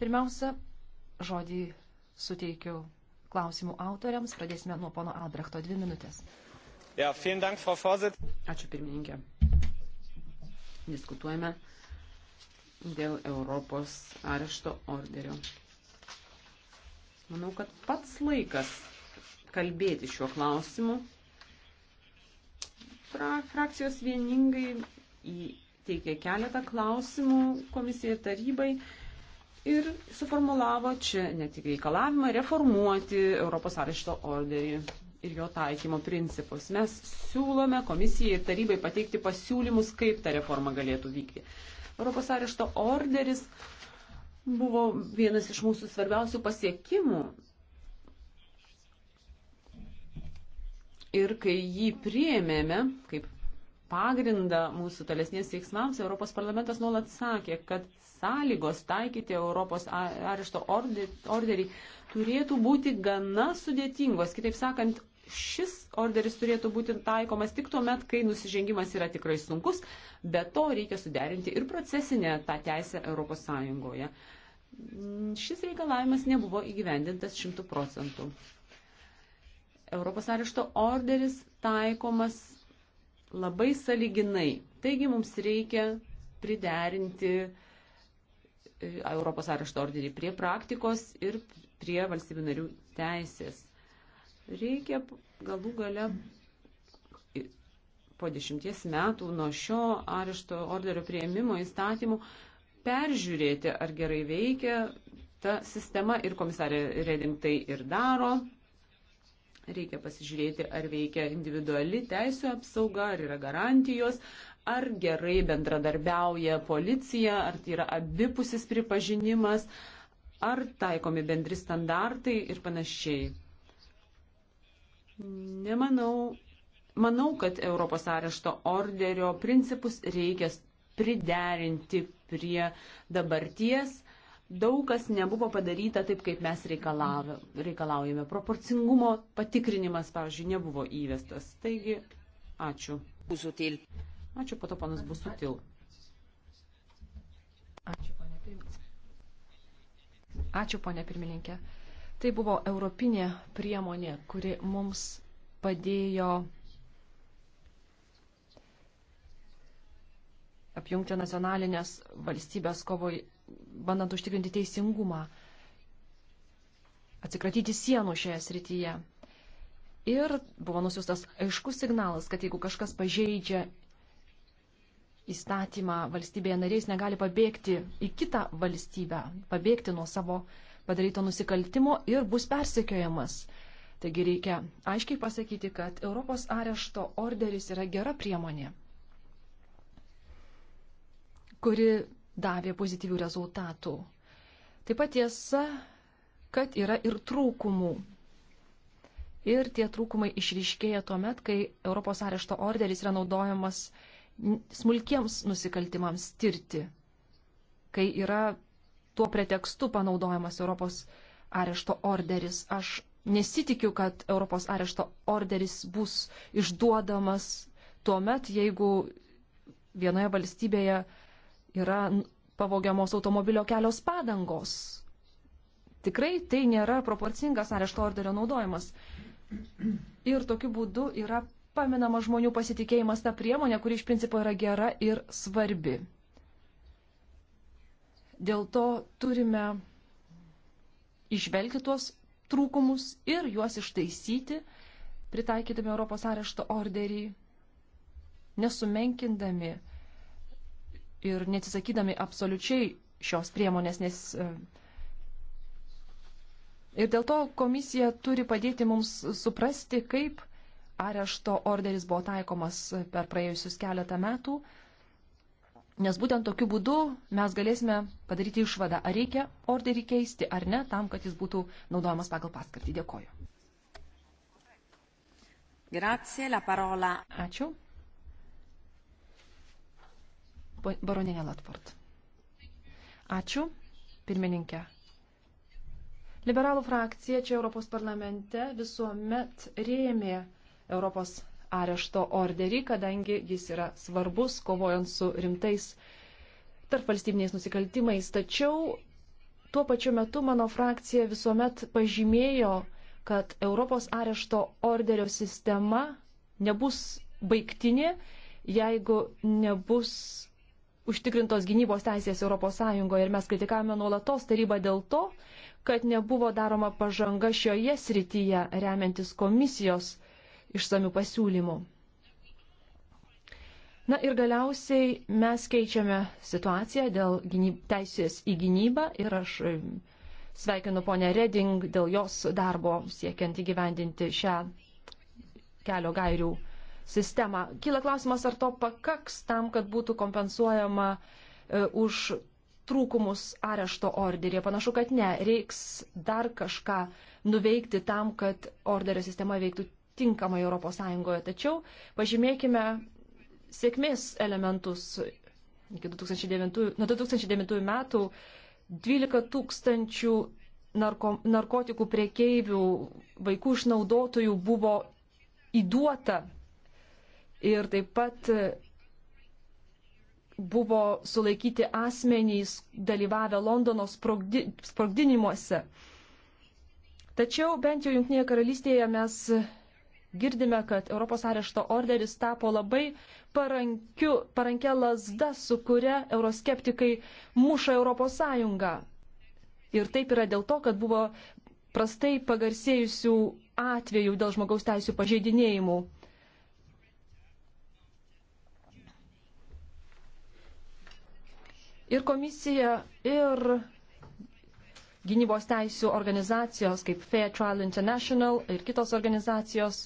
Pirmiausia, žodį suteikiu klausimų autoriams. Pradėsime nuo pono Albrechto. Dvi minutės. Ja, Dank, Ačiū pirmininkė. Diskutuojame dėl Europos arešto orderio. Manau, kad pats laikas kalbėti šiuo klausimu. Fra, frakcijos vieningai teikia keletą klausimų komisijai ir tarybai ir suformulavo čia ne tik reikalavimą reformuoti Europos arešto orderį ir jo taikymo principus. Mes siūlome komisijai ir tarybai pateikti pasiūlymus, kaip ta reforma galėtų vykti. Europos arešto orderis buvo vienas iš mūsų svarbiausių pasiekimų. Ir kai jį priėmėme, kaip pagrindą mūsų tolesnės veiksmams Europos parlamentas nuolat sakė, kad sąlygos taikyti Europos arešto orderį turėtų būti gana sudėtingos. Kitaip sakant, šis orderis turėtų būti taikomas tik tuo met, kai nusižengimas yra tikrai sunkus, bet to reikia suderinti ir procesinę tą teisę Europos Sąjungoje. Šis reikalavimas nebuvo įgyvendintas šimtų procentų. Europos arešto orderis taikomas labai saliginai. Taigi mums reikia priderinti e, Europos arešto orderį prie praktikos ir prie valstybių narių teisės. Reikia galų gale po dešimties metų nuo šio arešto orderio prieimimo įstatymų peržiūrėti, ar gerai veikia ta sistema ir komisarė Reding tai ir daro, Reikia pasižiūrėti, ar veikia individuali teisų apsauga, ar yra garantijos, ar gerai bendradarbiauja policija, ar tai yra abipusis pripažinimas, ar taikomi bendri standartai ir panašiai. Nemanau, manau, kad Europos arešto orderio principus reikia priderinti prie dabarties daug kas nebuvo padaryta taip, kaip mes reikalaujame. Proporcingumo patikrinimas, pavyzdžiui, nebuvo įvestas. Taigi, ačiū. Busutil. Ačiū, po to panas Busutil. Ačiū, ponė pirmininkė. Ačiū, ponė pirmininkė. Tai buvo europinė priemonė, kuri mums padėjo apjungti nacionalinės valstybės kovoj bandant užtikrinti teisingumą, atsikratyti sienų šioje srityje. Ir buvo nusiustas aiškus signalas, kad jeigu kažkas pažeidžia įstatymą valstybėje nariais, negali pabėgti į kitą valstybę, pabėgti nuo savo padaryto nusikaltimo ir bus persekiojamas. Taigi reikia aiškiai pasakyti, kad Europos arešto orderis yra gera priemonė, kuri davė pozityvių rezultatų. Taip pat tiesa, kad yra ir trūkumų. Ir tie trūkumai išryškėja tuo met, kai Europos arešto orderis yra naudojamas smulkiems nusikaltimams tirti, kai yra tuo pretekstu panaudojamas Europos arešto orderis. Aš nesitikiu, kad Europos arešto orderis bus išduodamas tuo met, jeigu vienoje valstybėje yra pavogiamos automobilio kelios padangos. Tikrai tai nėra proporcingas arešto orderio naudojimas. Ir tokiu būdu yra paminama žmonių pasitikėjimas tą priemonę, kuri iš principo yra gera ir svarbi. Dėl to turime išvelgti tuos trūkumus ir juos ištaisyti, pritaikydami Europos arešto orderį, nesumenkindami ir neatsisakydami absoliučiai šios priemonės, nes e, ir dėl to komisija turi padėti mums suprasti, kaip arešto orderis buvo taikomas per praėjusius keletą metų, nes būtent tokiu būdu mes galėsime padaryti išvadą, ar reikia orderį keisti ar ne, tam, kad jis būtų naudojamas pagal paskirtį. Dėkoju. Grazie, la parola. Ačiū baronė Latvart. Ačiū, pirmininkė. Liberalų frakcija čia Europos parlamente visuomet rėmė Europos arešto orderį, kadangi jis yra svarbus, kovojant su rimtais tarp valstybiniais nusikaltimais. Tačiau tuo pačiu metu mano frakcija visuomet pažymėjo, kad Europos arešto orderio sistema nebus baigtinė, jeigu nebus užtikrintos gynybos teisės ES ir mes kritikavome nuolatos tarybą dėl to, kad nebuvo daroma pažanga šioje srityje remiantis komisijos išsamių pasiūlymų. Na ir galiausiai mes keičiame situaciją dėl gynyb, teisės į gynybą ir aš e, sveikinu ponę Reding dėl jos darbo siekiant įgyvendinti šią kelio gairių sistemą. Kyla klausimas, ar to pakaks tam, kad būtų kompensuojama e, už trūkumus arešto orderį. Panašu, kad ne. Reiks dar kažką nuveikti tam, kad orderio sistema veiktų tinkamai ES. Tačiau pažymėkime sėkmės elementus. Iki 2009, nuo 2009 metų 12 tūkstančių narko, narkotikų priekeivių, vaikų išnaudotojų buvo įduota ir taip pat buvo sulaikyti asmenys dalyvavę Londono sprogdi, sprogdinimuose. Tačiau bent jau Junktinėje karalystėje mes girdime, kad Europos arešto orderis tapo labai parankiu, parankia lasda, su kuria euroskeptikai muša Europos Sąjungą. Ir taip yra dėl to, kad buvo prastai pagarsėjusių atvejų dėl žmogaus teisų pažeidinėjimų Ir komisija, ir gynybos teisų organizacijos kaip Fair Trial International ir kitos organizacijos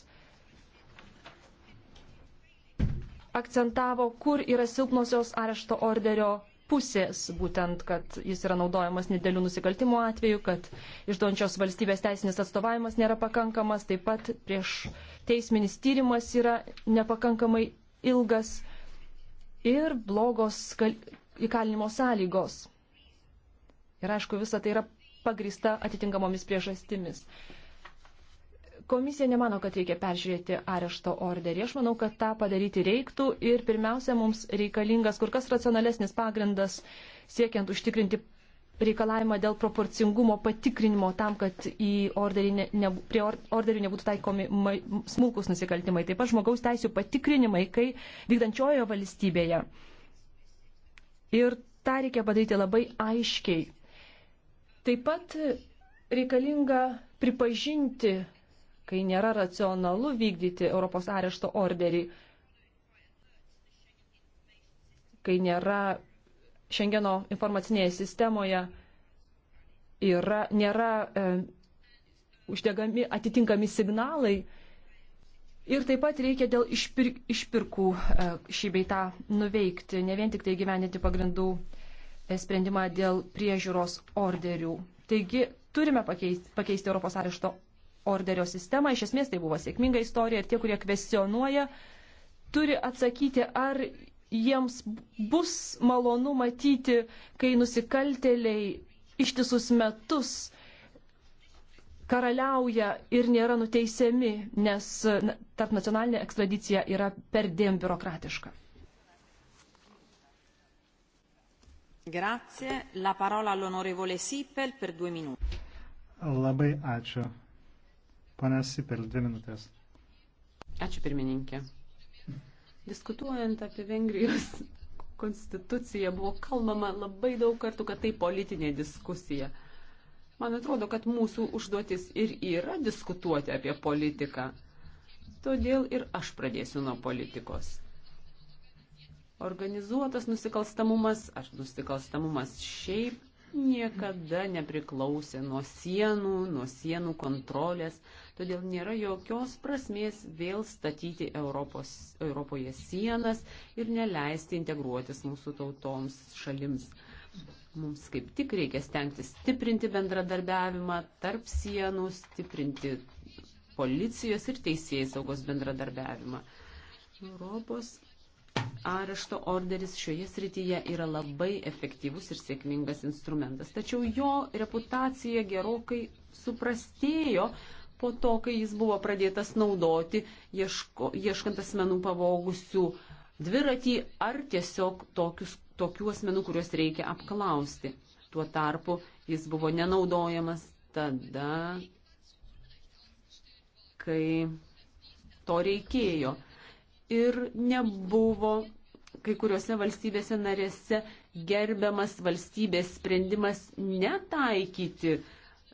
akcentavo, kur yra silpnosios arešto orderio pusės, būtent, kad jis yra naudojamas nedėlių nusikaltimų atveju, kad išduončios valstybės teisinis atstovavimas nėra pakankamas, taip pat prieš teisminis tyrimas yra nepakankamai ilgas ir blogos kal įkalinimo sąlygos. Ir aišku, visa tai yra pagrįsta atitinkamomis priežastimis. Komisija nemano, kad reikia peržiūrėti arešto orderį. Aš manau, kad tą padaryti reiktų ir pirmiausia, mums reikalingas kur kas racionalesnis pagrindas siekiant užtikrinti reikalavimą dėl proporcingumo patikrinimo tam, kad orderį ne, ne, prie or, orderių nebūtų taikomi ma, smulkus nusikaltimai. Taip pat žmogaus teisų patikrinimai, kai vykdančiojo valstybėje Ir tą reikia padaryti labai aiškiai. Taip pat reikalinga pripažinti, kai nėra racionalu vykdyti Europos arešto orderį, kai nėra Šengeno informacinėje sistemoje, yra, nėra e, uždegami atitinkami signalai, Ir taip pat reikia dėl išpir, išpirkų e, šį beitą nuveikti, ne vien tik tai gyveninti pagrindų e, sprendimą dėl priežiūros orderių. Taigi turime pakeisti, pakeisti Europos arešto orderio sistemą. Iš esmės tai buvo sėkminga istorija ir tie, kurie kvestionuoja, turi atsakyti, ar jiems bus malonu matyti, kai nusikalteliai ištisus metus karaliauja ir nėra nuteisiami, nes na, tarp nacionalinė ekstradicija yra perdėm biurokratiška. Grazie. La parola all'onorevole Sipel per due minuti. Labai ačiū. Pane Sipel, dvi minutės. Ačiū pirmininkė. Diskutuojant apie Vengrijos konstituciją, buvo kalbama labai daug kartų, kad tai politinė diskusija. Man atrodo, kad mūsų užduotis ir yra diskutuoti apie politiką. Todėl ir aš pradėsiu nuo politikos. Organizuotas nusikalstamumas ar nusikalstamumas šiaip niekada nepriklausė nuo sienų, nuo sienų kontrolės, todėl nėra jokios prasmės vėl statyti Europos, Europoje sienas ir neleisti integruotis mūsų tautoms šalims. Mums kaip tik reikia stengti stiprinti bendradarbiavimą tarp sienų, stiprinti policijos ir teisėjai saugos bendradarbiavimą. Europos arešto orderis šioje srityje yra labai efektyvus ir sėkmingas instrumentas. Tačiau jo reputacija gerokai suprastėjo po to, kai jis buvo pradėtas naudoti, ieško, ieškant asmenų pavogusių dviratį ar tiesiog tokius tokių asmenų, kuriuos reikia apklausti. Tuo tarpu jis buvo nenaudojamas tada, kai to reikėjo. Ir nebuvo kai kuriuose valstybėse narėse gerbiamas valstybės sprendimas netaikyti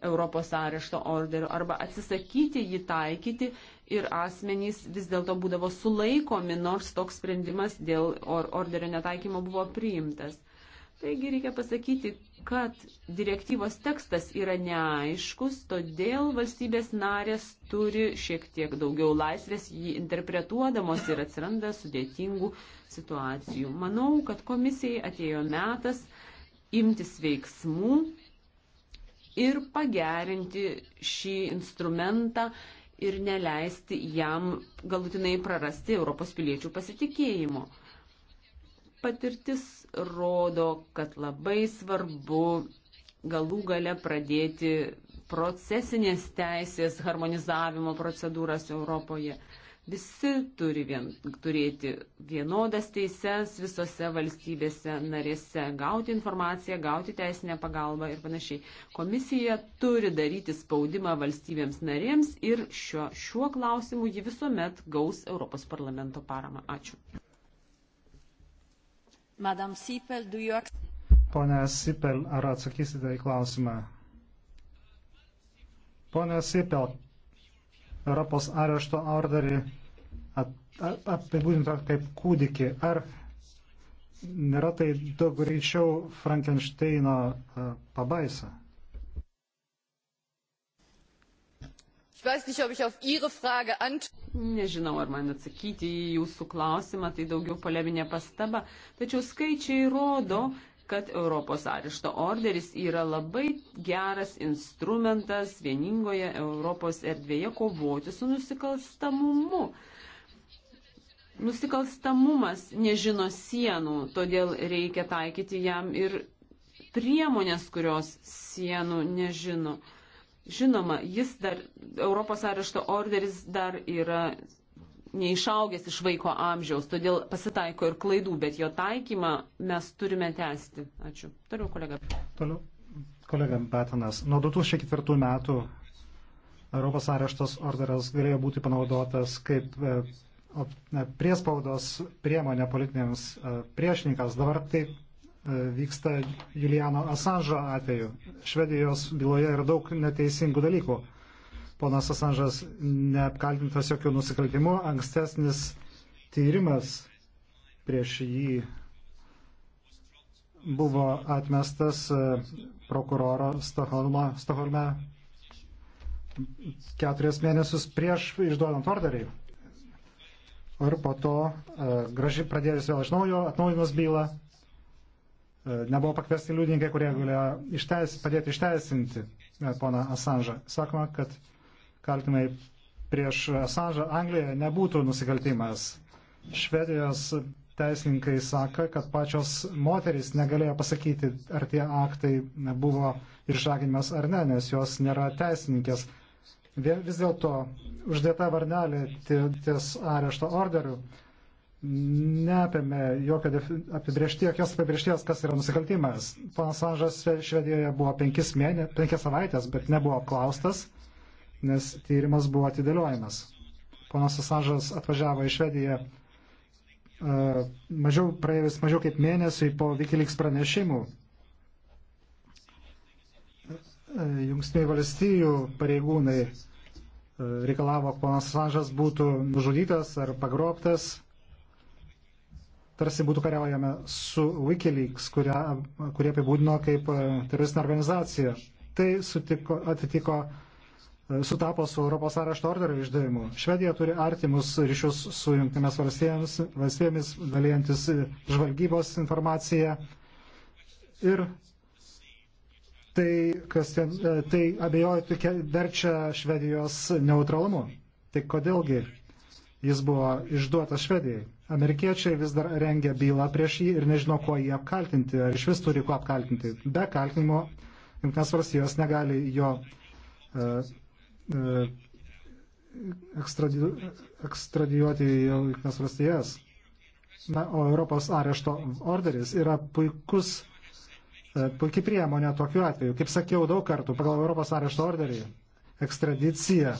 Europos arešto orderio arba atsisakyti jį taikyti ir asmenys vis dėlto būdavo sulaikomi, nors toks sprendimas dėl or orderio netaikymo buvo priimtas. Taigi reikia pasakyti, kad direktyvos tekstas yra neaiškus, todėl valstybės narės turi šiek tiek daugiau laisvės jį interpretuodamos ir atsiranda sudėtingų situacijų. Manau, kad komisijai atėjo metas imtis veiksmų ir pagerinti šį instrumentą ir neleisti jam galutinai prarasti Europos piliečių pasitikėjimo. Patirtis rodo, kad labai svarbu galų gale pradėti procesinės teisės harmonizavimo procedūras Europoje. Visi turi vien, turėti vienodas teises visose valstybėse narėse, gauti informaciją, gauti teisinę pagalbą ir panašiai. Komisija turi daryti spaudimą valstybėms narėms ir šiuo, šiuo klausimu ji visuomet gaus Europos parlamento paramą. Ačiū. Madam Sipel, du jūs. Pone Sipel, ar atsakysite į klausimą? Pone Sipel, Europos arešto orderį apibūdinta kaip kūdikį. Ar nėra tai daug greičiau Frankensteino e, pabaisa? Nežinau, ar man atsakyti į jūsų klausimą, tai daugiau poleminė pastaba. Tačiau skaičiai rodo, kad Europos arešto orderis yra labai geras instrumentas vieningoje Europos erdvėje kovoti su nusikalstamumu. Nusikalstamumas nežino sienų, todėl reikia taikyti jam ir priemonės, kurios sienų nežino. Žinoma, jis dar, Europos arešto orderis dar yra neišaugęs iš vaiko amžiaus, todėl pasitaiko ir klaidų, bet jo taikymą mes turime tęsti. Ačiū. Toliau kolega. Toliau kolega Betanas. Nuo 2004 metų Europos areštos orderas galėjo būti panaudotas kaip e, e, priespaudos priemonė politiniams e, priešininkams. Dabar taip vyksta Juliano Assange atveju. Švedijos byloje yra daug neteisingų dalykų ponas Asanžas neapkaltintas jokių nusikaltimų, ankstesnis tyrimas prieš jį buvo atmestas e, prokuroro Stokholmo, Stokholme keturis mėnesius prieš išduodant orderį. Ir po to e, graži, pradėjus vėl iš naujo, atnaujinus bylą, e, nebuvo pakviesti liudininkai, kurie galėjo išteis, padėti išteisinti poną Asanžą. Sakoma, kad kaltinimai prieš Asažą Anglijoje nebūtų nusikaltimas. Švedijos teisininkai sako, kad pačios moterys negalėjo pasakyti, ar tie aktai buvo išžaginimas ar ne, nes jos nėra teisininkės. Vis dėlto uždėta varnelė ties arešto orderių neapėmė jokio apibriešties, jokios apibriešties, kas yra nusikaltimas. Ponas Anžas Švedijoje buvo penkis mėnesius, penkias savaitės, bet nebuvo apklaustas nes tyrimas buvo atidėliojimas. Ponas Asanžas atvažiavo į Švediją e, mažiau praėjus mažiau kaip mėnesiui po Wikileaks pranešimų. E, Jungstiniai valstijų pareigūnai e, reikalavo, kad ponas Asanžas būtų nužudytas ar pagrobtas, tarsi būtų kariaujama su Wikileaks, kurie apibūdino kaip teroristinė organizacija. Tai sutiko, atitiko uh, sutapo su Europos arešto orderio išdavimu. Švedija turi artimus ryšius su jungtinėmis valstybėmis, valstybėmis dalyjantis žvalgybos informaciją. Ir tai, kas ten, e, tai abejoju, verčia Švedijos neutralumu. Tai kodėlgi jis buvo išduotas Švedijai? Amerikiečiai vis dar rengia bylą prieš jį ir nežino, kuo jį apkaltinti, ar iš vis turi kuo apkaltinti. Be kaltinimo Junktinės valstijos negali jo uh, E, ekstradiu, ekstradijuoti į Junktinės valstijas. Na, o Europos arešto orderis yra puikus, e, puikiai priemonė tokiu atveju. Kaip sakiau daug kartų, pagal Europos arešto orderį ekstradicija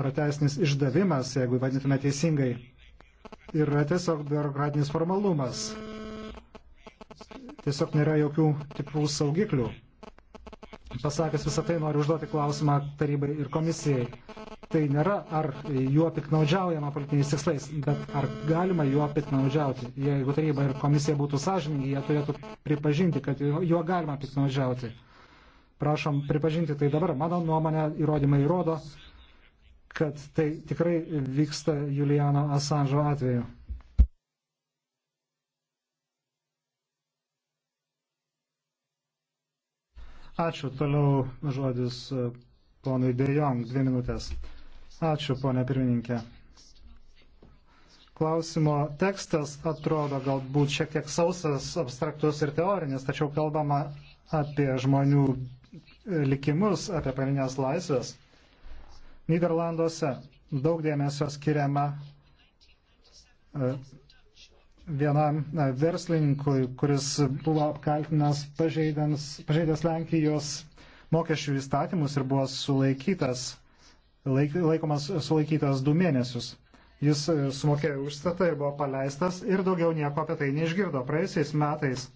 ar teisinis išdavimas, jeigu vadintume teisingai, yra tiesiog biurokratinis formalumas. Tiesiog nėra jokių tikrų saugiklių. Pasakęs visą tai, noriu užduoti klausimą tarybai ir komisijai. Tai nėra, ar juo piknaudžiaujama politiniais tikslais, bet ar galima juo piknaudžiauti. Jeigu taryba ir komisija būtų sąžininkai, jie turėtų pripažinti, kad juo galima piknaudžiauti. Prašom pripažinti tai dabar. Mano nuomonė įrodymai įrodo, kad tai tikrai vyksta Juliano Assange atveju. Ačiū. Toliau žodis e, ponui Dejong. Dvi minutės. Ačiū, ponė pirmininkė. Klausimo tekstas atrodo galbūt šiek tiek sausas, abstraktus ir teorinis, tačiau kalbama apie žmonių e, likimus, apie paminės laisvės. Niderlanduose daug dėmesio skiriama e, vienam na, verslininkui, kuris buvo apkaltinęs pažeidęs Lenkijos mokesčių įstatymus ir buvo sulaikytas, laik, laikomas sulaikytas du mėnesius. Jis e, sumokėjo užstatą ir buvo paleistas ir daugiau nieko apie tai neišgirdo. Praėjusiais metais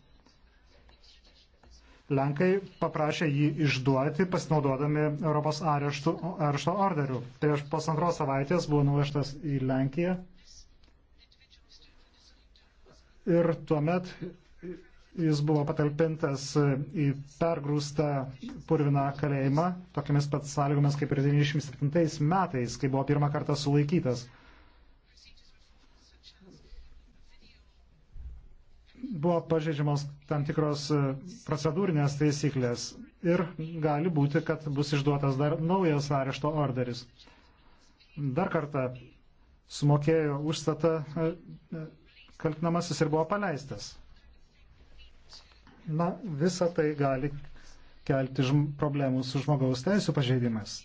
Lenkai paprašė jį išduoti, pasinaudodami Europos areštų, arešto orderių. Prieš pusantros savaitės buvo nuvežtas į Lenkiją ir tuomet jis buvo patalpintas į pergrūstą purviną kalėjimą, tokiamis pat sąlygomis kaip ir 97 metais, kai buvo pirmą kartą sulaikytas. Buvo pažeidžiamos tam tikros procedūrinės taisyklės ir gali būti, kad bus išduotas dar naujas arešto orderis. Dar kartą sumokėjo užstatą kaltinamasis ir buvo paleistas. Na, visa tai gali kelti žm problemų su žmogaus teisų pažeidimas.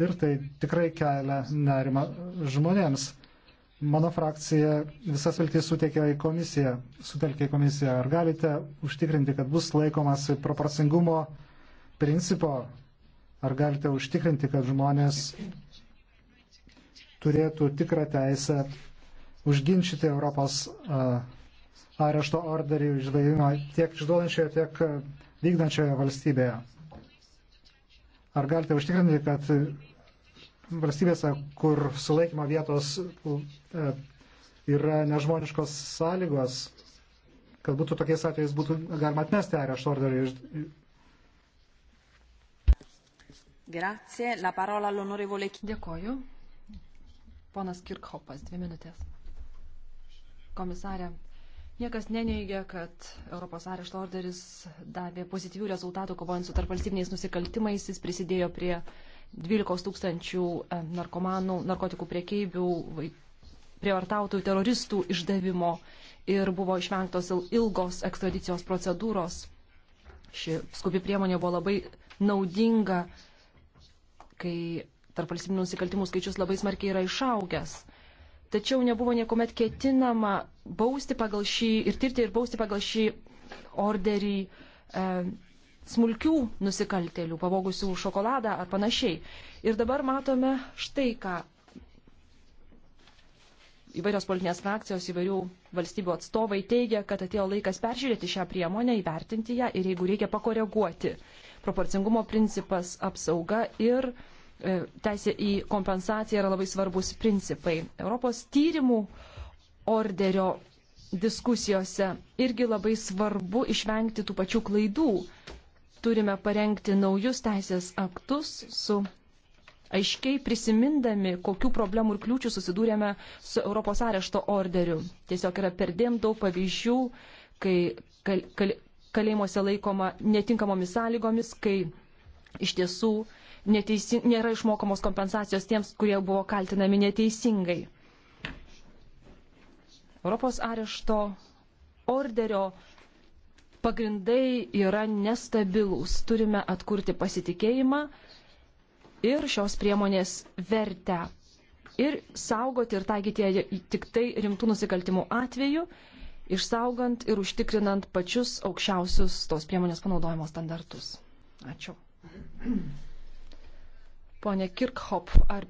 Ir tai tikrai kelia nerima žmonėms. Mano frakcija visas viltis suteikė į komisiją, sutelkė į komisiją. Ar galite užtikrinti, kad bus laikomas proporcingumo principo? Ar galite užtikrinti, kad žmonės turėtų tikrą teisę užginčyti Europos arešto orderį išdavimą tiek išduodančioje, tiek vykdančioje valstybėje. Ar galite užtikrinti, kad valstybėse, kur sulaikymo vietos yra nežmoniškos sąlygos, kad būtų tokiais atvejais būtų galima atmesti arešto orderį iš, Dėkoju. Ponas Kirkhopas, dvi minutės komisarė. Niekas neneigia, kad Europos arešto orderis davė pozityvių rezultatų kovojant su tarpvalstybiniais nusikaltimais. Jis prisidėjo prie 12 tūkstančių e, narkomanų, narkotikų priekeibių, prievartautų teroristų išdavimo ir buvo išvengtos ilgos ekstradicijos procedūros. Ši skubi priemonė buvo labai naudinga, kai tarpvalstybinių nusikaltimų skaičius labai smarkiai yra išaugęs tačiau nebuvo niekuomet ketinama bausti pagal šį ir tirti ir bausti pagal šį orderį e, smulkių nusikaltelių, pavogusių šokoladą ar panašiai. Ir dabar matome štai ką. Įvairios politinės frakcijos, įvairių valstybių atstovai teigia, kad atėjo laikas peržiūrėti šią priemonę, įvertinti ją ir jeigu reikia pakoreguoti. Proporcingumo principas, apsauga ir uh, E, teisė į kompensaciją yra labai svarbus principai. Europos tyrimų orderio diskusijose irgi labai svarbu išvengti tų pačių klaidų. Turime parengti naujus teisės aktus su aiškiai prisimindami, kokių problemų ir kliūčių susidūrėme su Europos arešto orderiu. Tiesiog yra perdėm daug pavyzdžių, kai kal kal kalėjimuose laikoma netinkamomis sąlygomis, kai iš tiesų uh, neteisi, nėra išmokamos kompensacijos tiems, kurie buvo kaltinami neteisingai. Europos arešto orderio pagrindai yra nestabilūs. Turime atkurti pasitikėjimą ir šios priemonės vertę. Ir saugoti ir taikyti tik tai rimtų nusikaltimų atveju, išsaugant ir užtikrinant pačius aukščiausius tos priemonės panaudojimo standartus. Ačiū. Pone Kirkhop, ar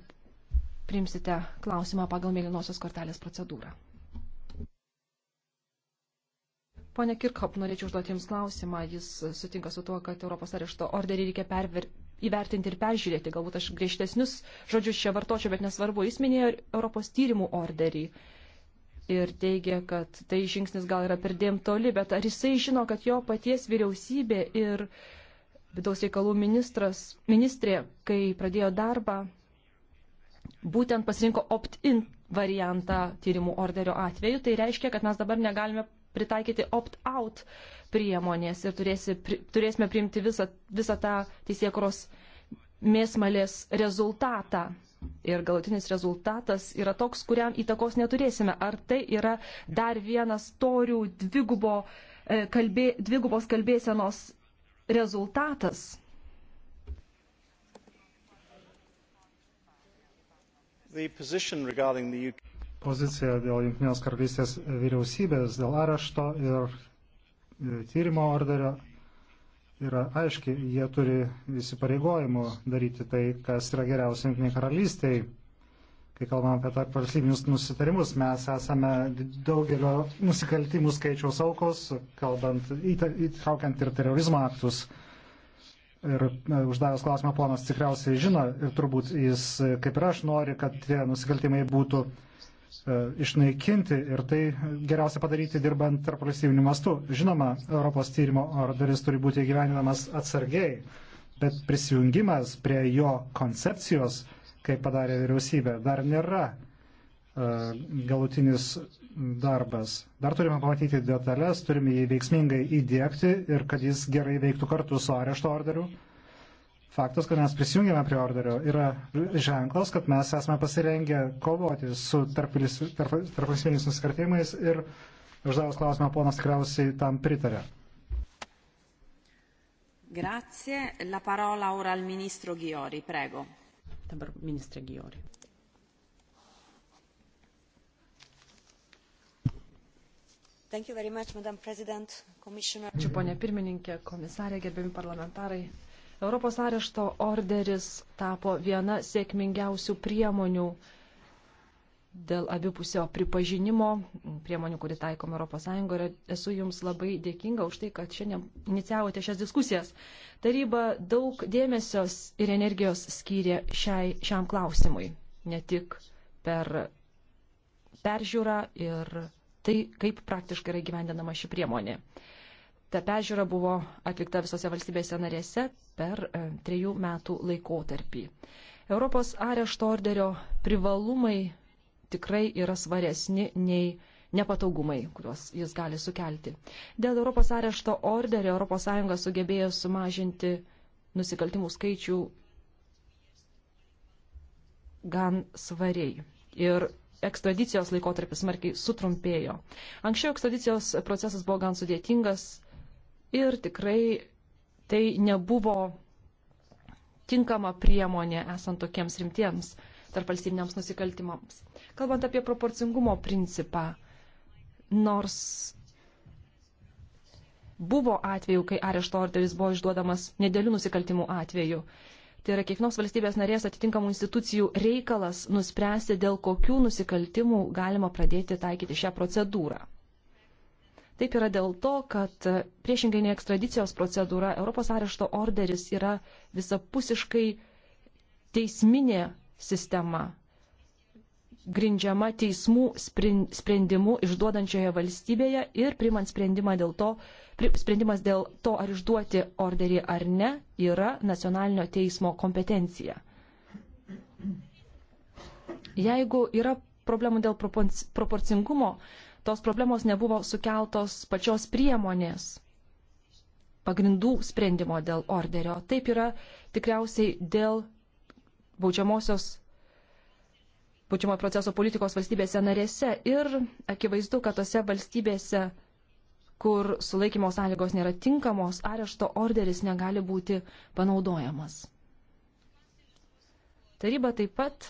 priimsite klausimą pagal mėlynosios kortelės procedūrą? Pone Kirkhop, norėčiau užduoti Jums klausimą. Jis sutinka su tuo, kad Europos arešto orderį reikia perver... įvertinti ir peržiūrėti. Galbūt aš griežtesnius žodžius čia vartočiau, bet nesvarbu. Jis minėjo Europos tyrimų orderį ir teigia, kad tai žingsnis gal yra perdėm toli, bet ar jisai žino, kad jo paties vyriausybė ir uh, vidaus reikalų ministras, ministrė, kai pradėjo darbą, būtent pasirinko opt-in variantą tyrimų orderio atveju. Tai reiškia, kad mes dabar negalime pritaikyti opt-out priemonės ir turėsi, pri, turėsime priimti visą, visą tą teisėkros mėsmalės rezultatą. Ir galutinis rezultatas yra toks, kuriam įtakos neturėsime. Ar tai yra dar vienas torių dvigubo, e, kalbė, dvigubos kalbėsenos rezultatas. Pozicija dėl Junktinės karalystės vyriausybės, dėl arešto ir e, tyrimo orderio yra aiški, jie turi įsipareigojimų daryti tai, kas yra geriausia Junktiniai karalystiai kai kalbame apie tarp valstybinius nusitarimus, mes esame daugelio nusikaltimų skaičiaus aukos, kalbant, įtraukiant ir terorizmo aktus. Ir uždavęs klausimą ponas tikriausiai žino ir turbūt jis, kaip ir aš, nori, kad tie nusikaltimai būtų e, išnaikinti ir tai geriausia padaryti dirbant tarp valstybinių mastų. Žinoma, Europos tyrimo orderis turi būti įgyveninamas atsargiai, bet prisijungimas prie jo koncepcijos kaip padarė vyriausybė, dar nėra e, galutinis darbas. Dar turime pamatyti detalės, turime jį veiksmingai įdėkti ir kad jis gerai veiktų kartu su arešto orderiu. Faktas, kad mes prisijungėme prie orderio, yra ženklas, kad mes esame pasirengę kovoti su tarpvalstybiniais tarp, tarp nusikartimais ir uždavus klausimą ponas tikriausiai tam pritarė. Grazie. La parola ora al ministro Ghiori, prego. Dabar ministrė Giori. Much, Ačiū ponė pirmininkė, komisarė, gerbiami parlamentarai. Europos arešto orderis tapo viena sėkmingiausių priemonių dėl abipusio pripažinimo priemonių, kurį taikom ES. Ir esu Jums labai dėkinga už tai, kad šiandien inicijavote šias diskusijas. Taryba daug dėmesio ir energijos skyrė šiai, šiam klausimui, ne tik per peržiūrą ir tai, kaip praktiškai yra gyvendinama ši priemonė. Ta peržiūra buvo atlikta visose valstybėse narėse per e, trejų metų laikotarpį. Europos arešto orderio privalumai tikrai yra svaresni nei nepatogumai, kuriuos jis gali sukelti. Dėl Europos arešto orderio ES sugebėjo sumažinti nusikaltimų skaičių gan svariai. Ir ekstradicijos laikotarpis smarkiai sutrumpėjo. Anksčiau ekstradicijos procesas buvo gan sudėtingas ir tikrai tai nebuvo tinkama priemonė esant tokiems rimtiems tarp valstybiniams nusikaltimams. Kalbant apie proporcingumo principą, nors buvo atvejų, kai arešto orderis buvo išduodamas nedėlių nusikaltimų atveju. Tai yra kiekvienos valstybės narės atitinkamų institucijų reikalas nuspręsti, dėl kokių nusikaltimų galima pradėti taikyti šią procedūrą. Taip yra dėl to, kad priešingai nei ekstradicijos procedūra, Europos arešto orderis yra visapusiškai teisminė sistema grindžiama teismų sprendimu išduodančioje valstybėje ir primant sprendimą dėl to, sprendimas dėl to, ar išduoti orderį ar ne, yra nacionalinio teismo kompetencija. Jeigu yra problemų dėl proporcingumo, tos problemos nebuvo sukeltos pačios priemonės pagrindų sprendimo dėl orderio. Taip yra tikriausiai dėl baudžiamosios baudžiamo proceso politikos valstybėse narėse ir akivaizdu, kad tose valstybėse, kur sulaikymo sąlygos nėra tinkamos, arešto orderis negali būti panaudojamas. Taryba taip pat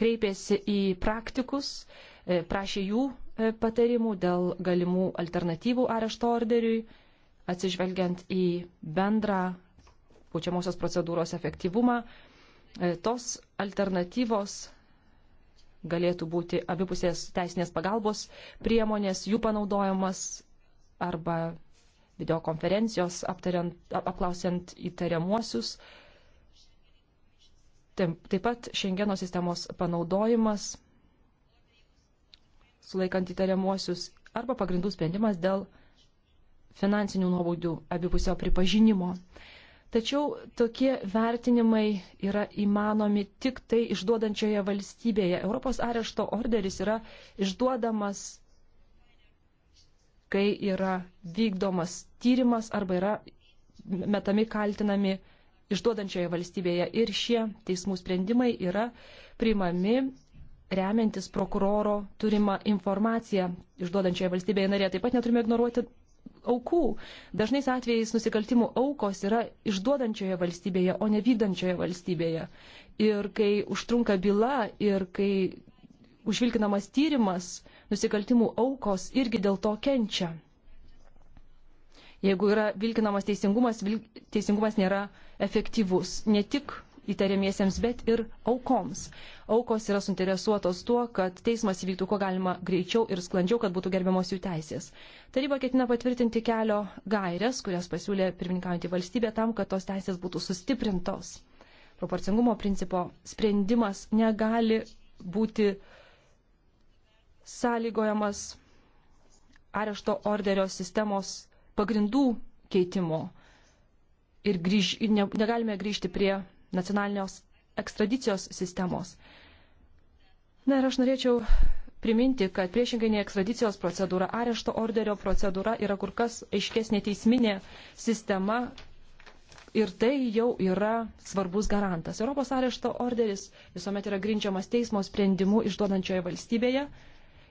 kreipėsi į praktikus, e, prašė jų e, patarimų dėl galimų alternatyvų arešto orderiui, atsižvelgiant į bendrą baudžiamosios procedūros efektyvumą. E, tos alternatyvos galėtų būti abipusės teisinės pagalbos priemonės, jų panaudojimas arba videokonferencijos aptariant, apklausiant įtariamuosius. Taip pat Šengeno sistemos panaudojimas, sulaikant įtariamuosius, arba pagrindų sprendimas dėl finansinių nuobaudų abipusio pripažinimo. Tačiau tokie vertinimai yra įmanomi tik tai išduodančioje valstybėje. Europos arešto orderis yra išduodamas, kai yra vykdomas tyrimas arba yra metami kaltinami išduodančioje valstybėje. Ir šie teismų sprendimai yra priimami remiantis prokuroro turimą informaciją išduodančioje valstybėje narėje. Taip pat neturime ignoruoti aukų. Dažnais atvejais nusikaltimų aukos yra išduodančioje valstybėje, o ne vykdančioje valstybėje. Ir kai užtrunka byla ir kai užvilkinamas tyrimas, nusikaltimų aukos irgi dėl to kenčia. Jeigu yra vilkinamas teisingumas, vil, teisingumas nėra efektyvus. Ne tik įtariamiesiems, bet ir aukoms. Aukos yra suinteresuotos tuo, kad teismas įvyktų kuo galima greičiau ir sklandžiau, kad būtų gerbiamos jų teisės. Taryba ketina patvirtinti kelio gairias, kurias pasiūlė pirmininkaujantį valstybę tam, kad tos teisės būtų sustiprintos. Proporcingumo principo sprendimas negali būti sąlygojamas arešto orderio sistemos pagrindų keitimo ir, grįž, ir ne, negalime grįžti prie nacionalinios ekstradicijos sistemos. Na ir aš norėčiau priminti, kad priešingai nei ekstradicijos procedūra, arešto orderio procedūra yra kur kas aiškesnė teisminė sistema ir tai jau yra svarbus garantas. Europos arešto orderis visuomet yra grindžiamas teismo sprendimu išduodančioje valstybėje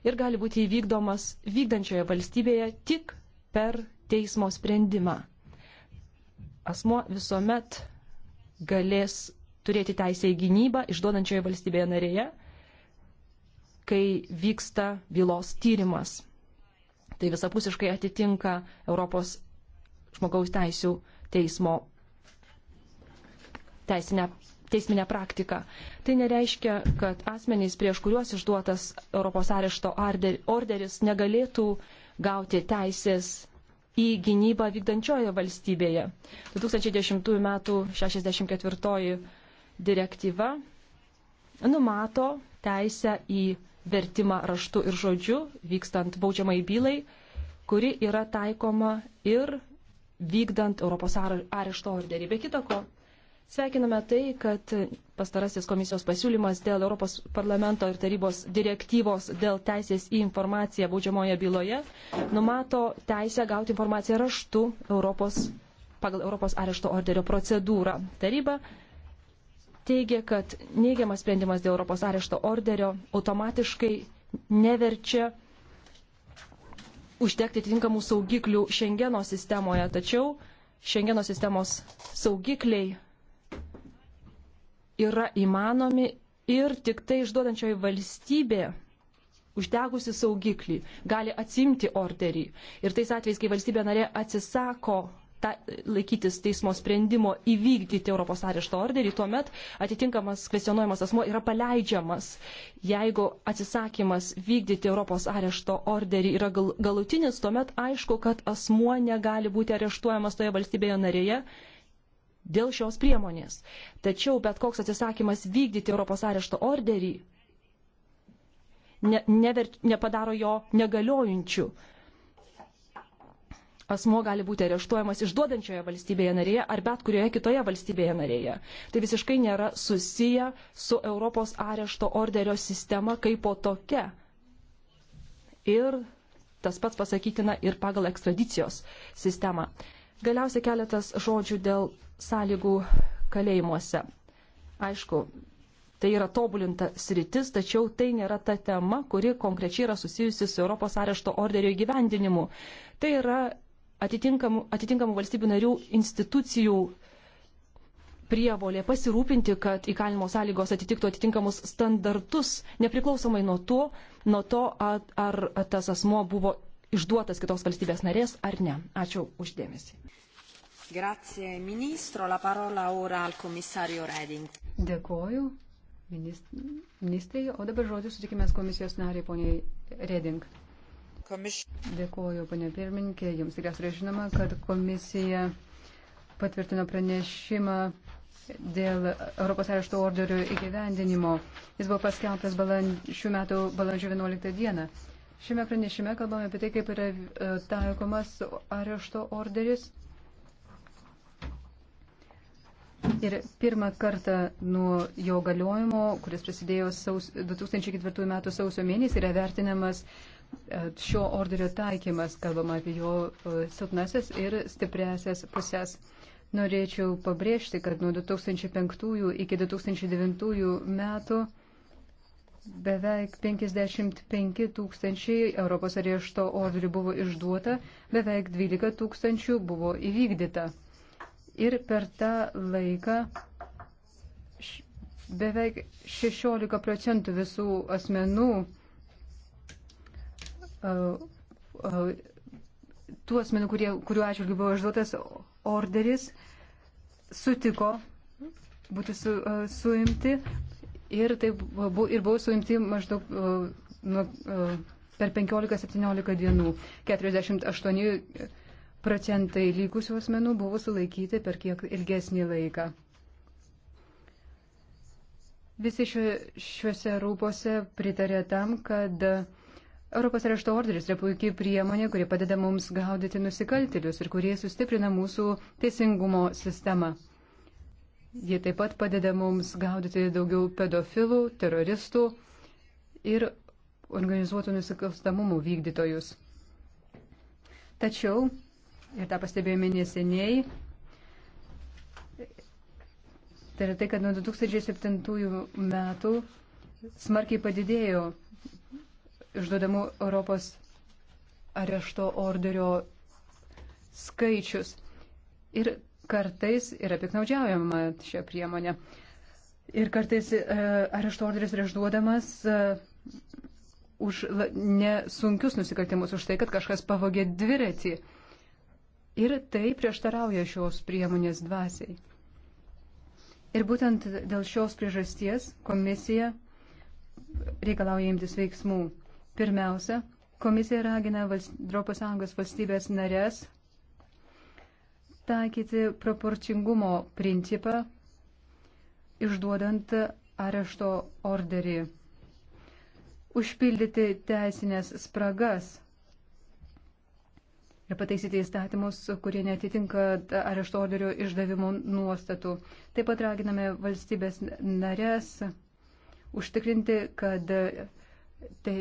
ir gali būti įvykdomas vykdančioje valstybėje tik per teismo sprendimą. Asmo visuomet galės turėti teisę į gynybą išduodančioje valstybėje narėje, kai vyksta bylos tyrimas. Tai visapusiškai atitinka Europos žmogaus teisų teismo teisinę, teisminę praktiką. Tai nereiškia, kad asmenys, prieš kuriuos išduotas Europos arešto orderis, negalėtų gauti teisės į gynybą vykdančioje valstybėje. 2010 m. 64 direktyva numato teisę į vertimą raštu ir žodžiu vykstant baudžiamai bylai, kuri yra taikoma ir vykdant Europos arešto orderį. Be kitako, Sveikiname tai, kad pastarasis komisijos pasiūlymas dėl Europos parlamento ir tarybos direktyvos dėl teisės į informaciją baudžiamoje byloje numato teisę gauti informaciją raštu Europos, pagal Europos arešto orderio procedūrą. Taryba teigia, kad neigiamas sprendimas dėl Europos arešto orderio automatiškai neverčia uždegti atitinkamų saugiklių Šengeno sistemoje, tačiau Šengeno sistemos saugikliai yra įmanomi ir tik tai išduodančioji valstybė uždegusi saugiklį gali atsimti orderį. Ir tais atvejais, kai valstybė narė atsisako ta, laikytis teismo sprendimo įvykdyti Europos arešto orderį, tuomet atitinkamas kvestionuojamas asmo yra paleidžiamas. Jeigu atsisakymas vykdyti Europos arešto orderį yra gal, galutinis, tuomet aišku, kad asmuo negali būti areštuojamas toje valstybėje narėje, dėl šios priemonės. Tačiau bet koks atsisakymas vykdyti Europos arešto orderį ne, never, nepadaro jo negaliojančiu. Asmo gali būti areštuojamas išduodančioje valstybėje narėje ar bet kurioje kitoje valstybėje narėje. Tai visiškai nėra susiję su Europos arešto orderio sistema kaip po tokia. Ir tas pats pasakytina ir pagal ekstradicijos sistemą. Galiausiai keletas žodžių dėl sąlygų kalėjimuose. Aišku, tai yra tobulinta sritis, tačiau tai nėra ta tema, kuri konkrečiai yra susijusi su Europos arešto orderio įgyvendinimu. Tai yra atitinkamų, atitinkamų valstybių narių institucijų prievolė pasirūpinti, kad įkalinimo sąlygos atitiktų atitinkamus standartus, nepriklausomai nuo to, nuo to ar, ar tas asmo buvo išduotas kitos valstybės narės ar ne. Ačiū uždėmesį. Grazie, ministro. La parola ora al komisario Reding. Dėkoju ministrai, o dabar žodį sutikime komisijos nariai, poniai Reding. Dėkoju, ponė pirmininkė. Jums tikriausiai yra žinoma, kad komisija patvirtino pranešimą dėl Europos arešto orderio įgyvendinimo. Jis buvo paskelbtas baland, šių metų balandžio 11 dieną. Šiame pranešime kalbame apie tai, kaip yra e, taikomas arešto orderis Ir pirmą kartą nuo jo galiojimo, kuris prasidėjo saus, 2004 m. sausio mėnesį, yra vertinamas e, šio orderio taikymas, kalbama apie jo e, silpnasias ir stipresias pusės. Norėčiau pabrėžti, kad nuo 2005 iki 2009 metų beveik 55 tūkstančiai Europos arešto orderių buvo išduota, beveik 12 tūkstančių buvo įvykdyta ir per tą laiką beveik 16 procentų visų asmenų tų asmenų, kurie, kuriuo atžvilgiu buvo išduotas orderis, sutiko būti su, suimti ir, tai buvo, ir buvo suimti maždaug nu, per 15-17 dienų. 48 procentai lygusių asmenų buvo sulaikyti per kiek ilgesnį laiką. Visi šiuose rūpose pritarė tam, kad Europos arešto orderis yra puikiai priemonė, kuri padeda mums gaudyti nusikaltėlius ir kurie sustiprina mūsų teisingumo sistemą. Jie taip pat padeda mums gaudyti daugiau pedofilų, teroristų ir organizuotų nusikalstamumų vykdytojus. Tačiau ir tą pastebėjome neseniai. Tai yra tai, kad nuo 2007 metų smarkiai padidėjo išduodamų Europos arešto orderio skaičius. Ir kartais yra piknaudžiaujama šią priemonę. Ir kartais e, arešto orderis yra išduodamas e, už nesunkius nusikaltimus, už tai, kad kažkas pavogė dviratį. E, Ir tai prieštarauja šios priemonės dvasiai. Ir būtent dėl šios priežasties komisija reikalauja imtis veiksmų. Pirmiausia, komisija ragina Europos Sąjungos valstybės narės taikyti proporcingumo principą, išduodant arešto orderį, užpildyti teisinės spragas ir pataisyti įstatymus, kurie netitinka arešto orderio išdavimo nuostatų. Taip pat raginame valstybės narės užtikrinti, kad tai,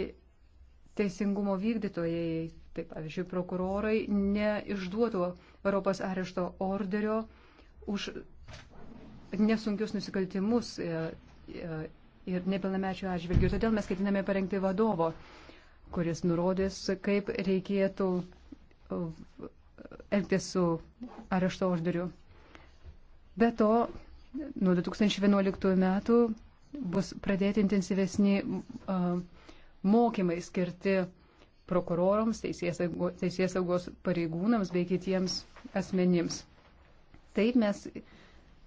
teisingumo vykdytojai, taip pavyzdžiui, prokurorai, neišduotų Europos arešto orderio už nesunkius nusikaltimus e, e, ir nepilnamečių atžvilgių. Todėl mes ketiname parengti vadovo, kuris nurodys, kaip reikėtų elgtis su arešto uždariu. Be to, nuo 2011 metų bus pradėti intensyvesni mokymai skirti prokurorams, teisės saugos pareigūnams bei kitiems asmenims. Taip mes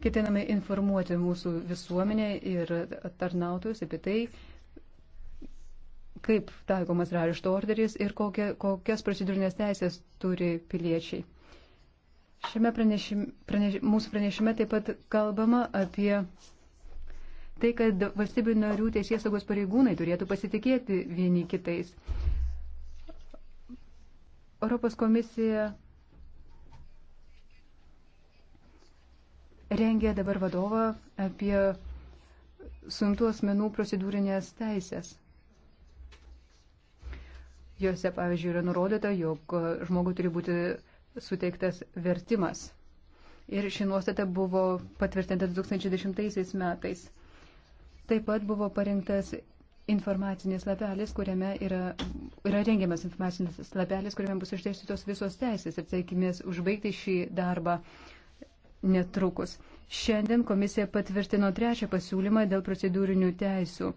ketiname informuoti mūsų visuomenę ir tarnautojus apie tai, kaip taikomas yra arešto orderis ir kokia, kokias procedūrinės teisės turi piliečiai. Šiame pranešime, praneš, mūsų pranešime taip pat kalbama apie tai, kad valstybių narių teisės saugos pareigūnai turėtų pasitikėti vieni kitais. Europos komisija rengia dabar vadovą apie suntų asmenų procedūrinės teisės. Jose, pavyzdžiui, yra nurodyta, jog žmogui turi būti suteiktas vertimas. Ir ši nuostata buvo patvirtinta 2010 metais. Taip pat buvo parinktas informacinis lapelis, kuriame yra, yra rengiamas informacinis lapelis, kuriame bus išdėstytos visos teisės ir teikimės užbaigti šį darbą netrukus. Šiandien komisija patvirtino trečią pasiūlymą dėl procedūrinių teisų.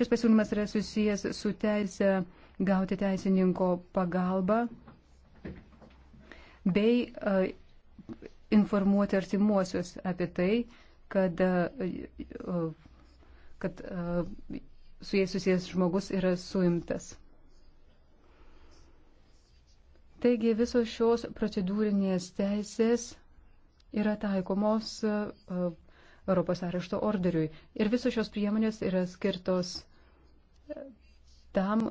Šis pasiūlymas yra susijęs su teisė gauti teisininko pagalbą bei e, informuoti artimuosius apie tai, kad, e, e, kad su jais susijęs žmogus yra suimtas. Taigi visos šios procedūrinės teisės yra taikomos Europos arešto orderiui ir visos šios priemonės yra skirtos tam,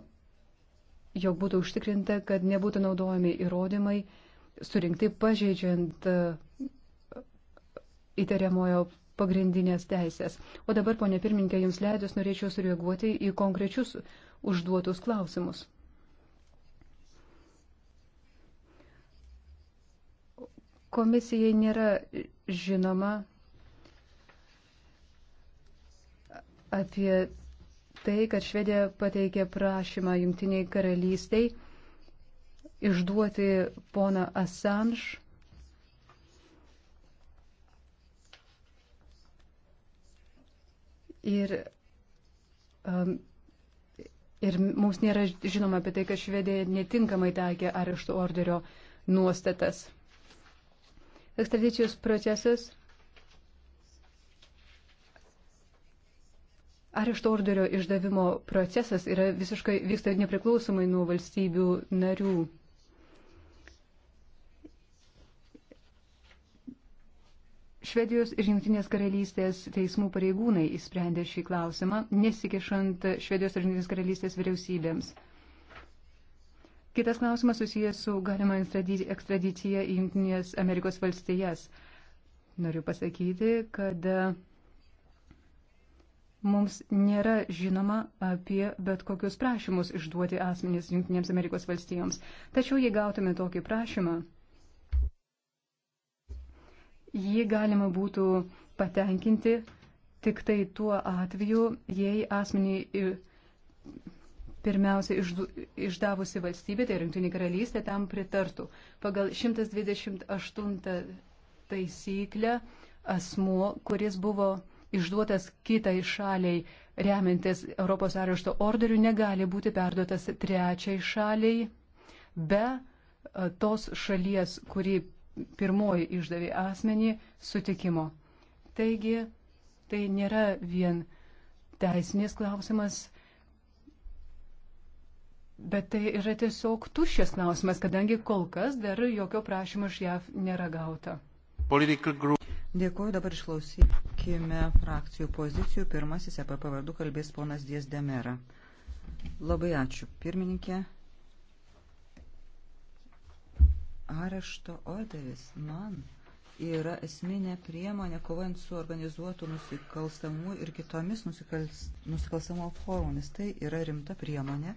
jog būtų užtikrinta, kad nebūtų naudojami įrodymai surinkti pažeidžiant e, įtariamojo pagrindinės teisės. O dabar, ponė pirmininkė, jums leidus norėčiau sureaguoti į konkrečius užduotus klausimus. Komisijai nėra žinoma apie tai, kad Švedija pateikė prašymą Junktiniai karalystiai išduoti poną Assange. Ir, um, ir mums nėra žinoma apie tai, kad Švedija netinkamai taikė arešto orderio nuostatas. Ekstradicijos procesas Arešto orderio išdavimo procesas yra visiškai vyksta nepriklausomai nuo valstybių narių. Švedijos ir Junktinės karalystės teismų pareigūnai įsprendė šį klausimą, nesikišant Švedijos ir Junktinės karalystės vyriausybėms. Kitas klausimas susijęs su galima ekstradicija į Junktinės Amerikos valstijas. Noriu pasakyti, kad mums nėra žinoma apie bet kokius prašymus išduoti asmenys Junktinėms Amerikos valstijoms. Tačiau jei gautume tokį prašymą, jį galima būtų patenkinti tik tai tuo atveju, jei asmenį e, pirmiausia išdu, išdavusi valstybė, tai Junktinė karalystė, tam pritartų. Pagal 128 taisyklę asmuo, kuris buvo išduotas kitai šaliai remiantis Europos arešto orderiu negali būti perduotas trečiai šaliai be e, tos šalies, kuri pirmoji išdavė asmenį, sutikimo. Taigi, tai nėra vien teisinės klausimas, bet tai yra tiesiog tuščias klausimas, kadangi kol kas dar jokio prašymo iš JAV nėra gauta. Political group. Dėkuoju, dabar išklausykime frakcijų pozicijų. Pirmasis apie pavardų kalbės ponas Dies Demera. Labai ačiū, pirmininkė. Arešto orderis man yra esminė priemonė kovojant su organizuotu nusikalstamu ir kitomis nusikals, nusikalstamo formomis. Tai yra rimta priemonė.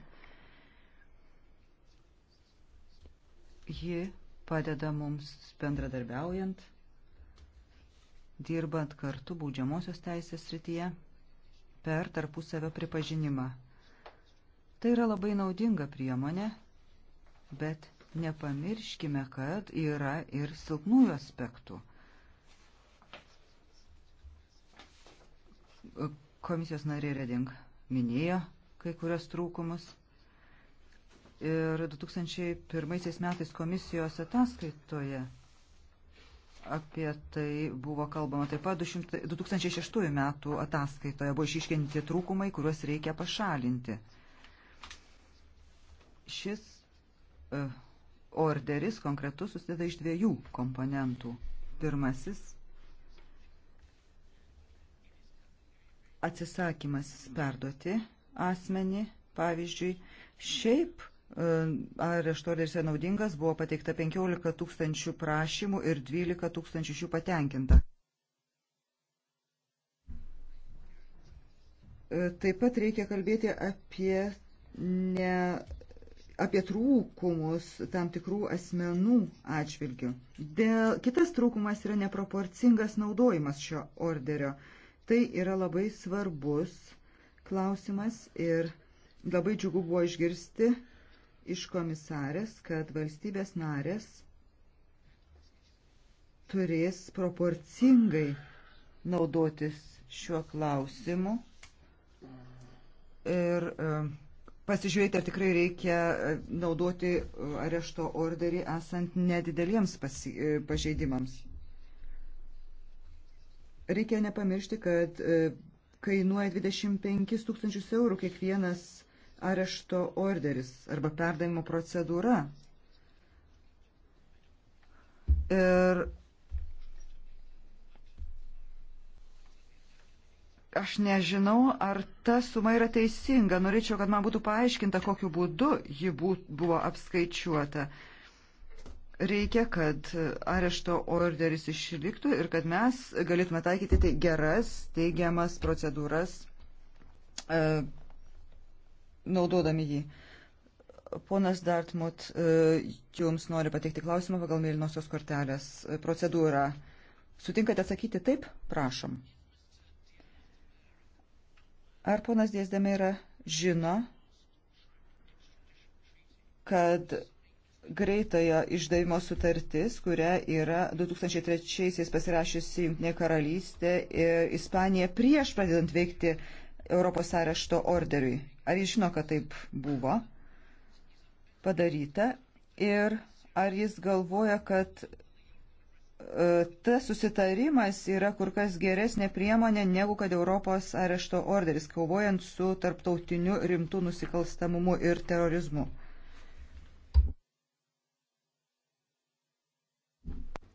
Ji padeda mums bendradarbiaujant dirbant kartu baudžiamosios teisės srityje per tarpusavio pripažinimą. Tai yra labai naudinga priemonė, bet nepamirškime, kad yra ir silpnųjų aspektų. Komisijos narė Reding minėjo kai kurios trūkumus. Ir 2001 metais komisijos ataskaitoje Apie tai buvo kalbama taip pat 2006 metų ataskaitoje buvo išiškinti trūkumai, kuriuos reikia pašalinti. Šis uh, orderis konkretus susideda iš dviejų komponentų. Pirmasis atsisakymas perduoti asmenį, pavyzdžiui, šiaip arešto orderis yra naudingas, buvo pateikta 15 tūkstančių prašymų ir 12 tūkstančių iš jų patenkinta. Taip pat reikia kalbėti apie, ne, apie trūkumus tam tikrų asmenų atžvilgių. Dėl, kitas trūkumas yra neproporcingas naudojimas šio orderio. Tai yra labai svarbus klausimas ir labai džiugu buvo išgirsti iš komisarės, kad valstybės narės turės proporcingai naudotis šiuo klausimu ir e, pasižiūrėti, ar tikrai reikia e, naudoti arešto orderį esant nedideliems pasi, e, pažeidimams. Reikia nepamiršti, kad kainuoja 25 tūkstančius eurų kiekvienas arešto orderis arba perdavimo procedūra. Ir aš nežinau, ar ta suma yra teisinga. Norėčiau, kad man būtų paaiškinta, kokiu būdu ji būt, buvo apskaičiuota. Reikia, kad arešto orderis išliktų ir kad mes galėtume taikyti tai geras, teigiamas procedūras e, naudodami jį. Ponas Dartmut, e, jums nori pateikti klausimą pagal mėlynosios kortelės e, procedūrą. Sutinkate atsakyti taip? Prašom. Ar ponas Dėsdame yra žino, kad greitojo išdavimo sutartis, kurią yra 2003-aisiais pasirašiusi Junktinė karalystė ir Ispanija prieš pradedant veikti Europos arešto orderiui. Ar jis žino, kad taip buvo padaryta ir ar jis galvoja, kad e, tas susitarimas yra kur kas geresnė priemonė negu kad Europos arešto orderis, kovojant su tarptautiniu rimtų nusikalstamumu ir terorizmu.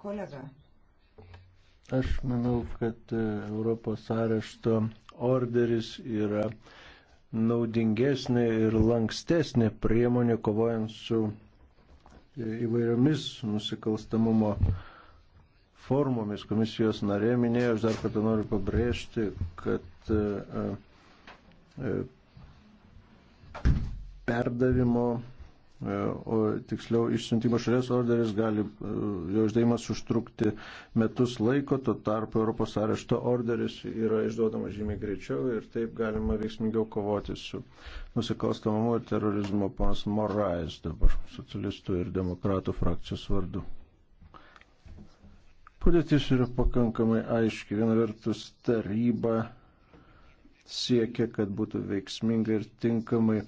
Kolega. Aš manau, kad e, Europos arešto orderis yra naudingesnė ir lankstesnė priemonė kovojant su e, įvairiomis nusikalstamumo formomis. Komisijos narė minėjo, aš dar kartą noriu pabrėžti, kad e, e, perdavimo E, o tiksliau išsiuntimo šalies orderis gali, e, jo išdavimas užtrukti metus laiko, tuo tarpu Europos arešto orderis yra išduodamas žymiai greičiau ir taip galima veiksmingiau kovoti su nusikalstamumu ir terorizmu. Panas Morais dabar socialistų ir demokratų frakcijos vardu. Padėtis yra pakankamai aiški. Viena vertus taryba siekia, kad būtų veiksmingai ir tinkamai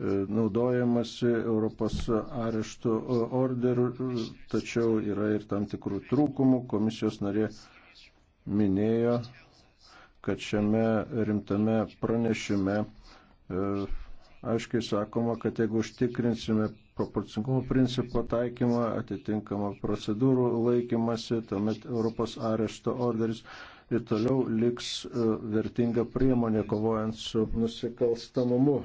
E, naudojamasi Europos areštų orderų, tačiau yra ir tam tikrų trūkumų. Komisijos narė minėjo, kad šiame rimtame pranešime e, aiškiai sakoma, kad jeigu užtikrinsime proporcingumo principo taikymą, atitinkamą procedūrų laikymasi, tuomet Europos arešto orderis ir toliau liks e, vertinga priemonė kovojant su nusikalstamumu.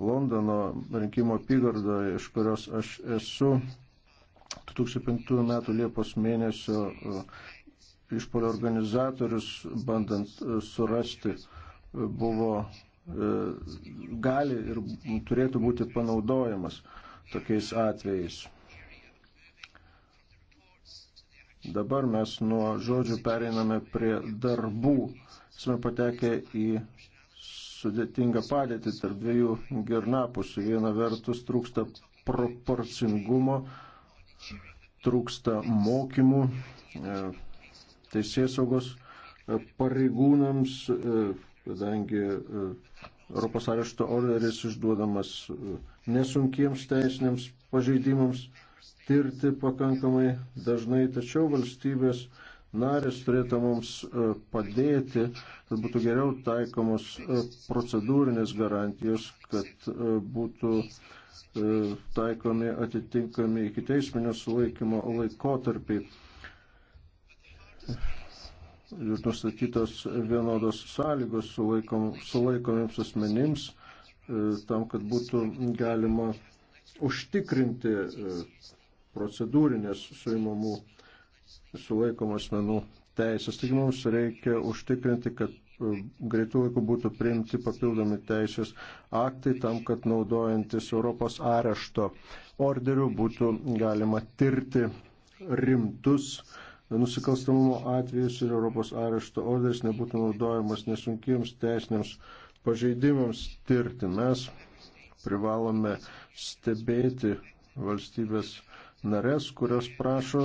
Londono rinkimo apygardoje, iš kurios aš esu 2005 m. Liepos mėnesio e, išpolio organizatorius, bandant e, surasti, e, buvo gali ir turėtų būti panaudojamas tokiais atvejais. Dabar mes nuo žodžių pereiname prie darbų. Esame patekę į sudėtingą padėtį tarp dviejų gernapusių. Viena vertus trūksta proporcingumo, trūksta mokymų e, teisėsaugos e, pareigūnams, e, kadangi Europos arešto orderis išduodamas nesunkiems teisiniams pažeidimams tirti pakankamai dažnai, tačiau valstybės narės turėtų mums e, padėti, kad būtų geriau taikomos e, procedūrinės garantijos, kad e, būtų taikomi atitinkami iki teisminio sulaikymo laikotarpiai ir nustatytos vienodos sąlygos sulaikom, sulaikomiems asmenims, tam, kad būtų galima užtikrinti procedūrinės suimamų sulaikomų asmenų teisės. Taigi mums reikia užtikrinti, kad e, greitų laikų būtų priimti papildomi teisės aktai tam, kad naudojantis Europos arešto orderiu būtų galima tirti rimtus nusikalstamumo atvejus ir Europos arešto orderis nebūtų naudojamas nesunkiems teisiniams pažeidimams tirti. Mes privalome stebėti valstybės narės, kurios prašo,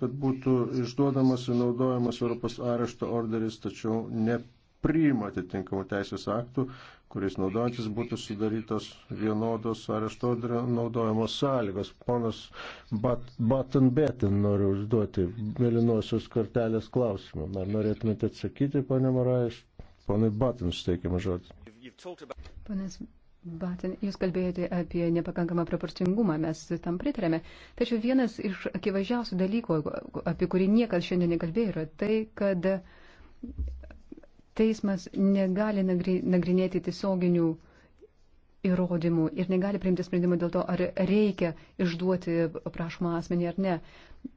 kad būtų išduodamas ir naudojamas Europos arešto orderis, tačiau nepriima atitinkamų teisės aktų, kuris naudojantis būtų sudarytos vienodos arešto orderio naudojamos sąlygos. Ponas Bat Batanbetin noriu užduoti mėlynosios kortelės klausimą. Ar norėtumėte atsakyti, ponė Morais? Ponai Batin suteikiamą žodį. Ponas Batin, jūs kalbėjote apie nepakankamą proporcingumą, mes tam pritarėme. Tačiau vienas iš akivaizdžiausių dalykų, apie kurį niekas šiandien nekalbėjo, yra tai, kad teismas negali nagri, nagrinėti tiesioginių įrodymų ir negali priimti sprendimų dėl to, ar reikia išduoti prašomą asmenį ar ne.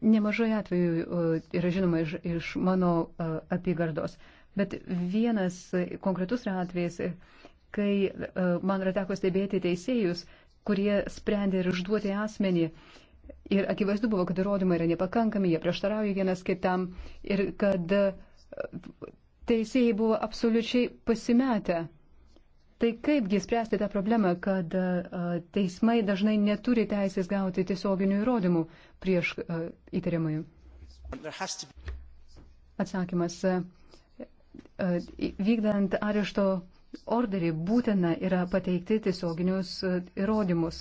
Nemažai atvejų e, yra žinoma iš, iš mano e, apygardos, bet vienas konkretus atvejis kai e, man yra teko stebėti teisėjus, kurie sprendė ir išduoti asmenį. Ir akivaizdu buvo, kad įrodymai yra nepakankami, jie prieštarauja vienas kitam ir kad e, teisėjai buvo absoliučiai pasimetę. Tai kaipgi spręsti tą problemą, kad e, teismai dažnai neturi teisės gauti tiesioginių įrodymų prieš įtariamąjį? Atsakymas. Vykdant arešto orderį būtina yra pateikti tiesioginius e, įrodymus.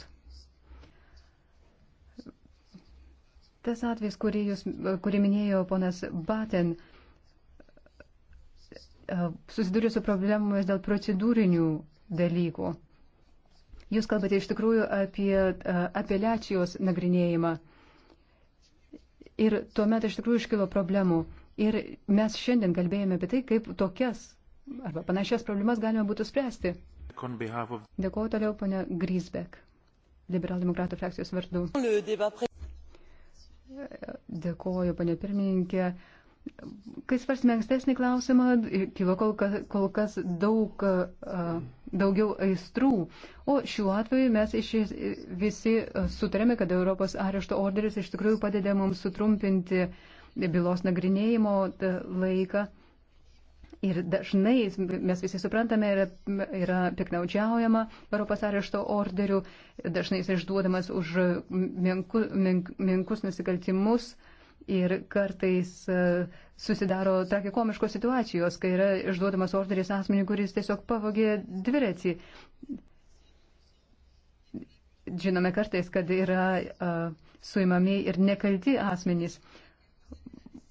Tas atvejs, kurį, jūs, e, kurį minėjo ponas Baten, e, susidūrė su problemomis dėl procedūrinių dalykų. Jūs kalbate iš tikrųjų apie apeliacijos nagrinėjimą. Ir tuomet iš tikrųjų iškilo problemų. Ir mes šiandien kalbėjome apie tai, kaip tokias arba panašias problemas galima būtų spręsti. Dėkuoju toliau, ponia Grisbek, liberaldemokratų frakcijos vardu. Dėkuoju, ponia pirmininkė. Kai svarsime ankstesnį klausimą, kilo kol kas, kol kas daug, daugiau aistrų, o šiuo atveju mes iš, visi sutarėme, kad Europos arešto orderis iš tikrųjų padeda mums sutrumpinti bylos nagrinėjimo laiką. Ir dažnai mes visi suprantame, yra, yra piknaudžiaujama Europos arešto orderių, dažnai jis išduodamas už menku, menk, menkus nusikaltimus. Ir kartais e, susidaro tragikomiškos situacijos, kai yra išduodamas orderis asmeniui, kuris tiesiog pavogė dviratį. Žinome kartais, kad yra uh, suimami ir nekalti asmenys. Uh,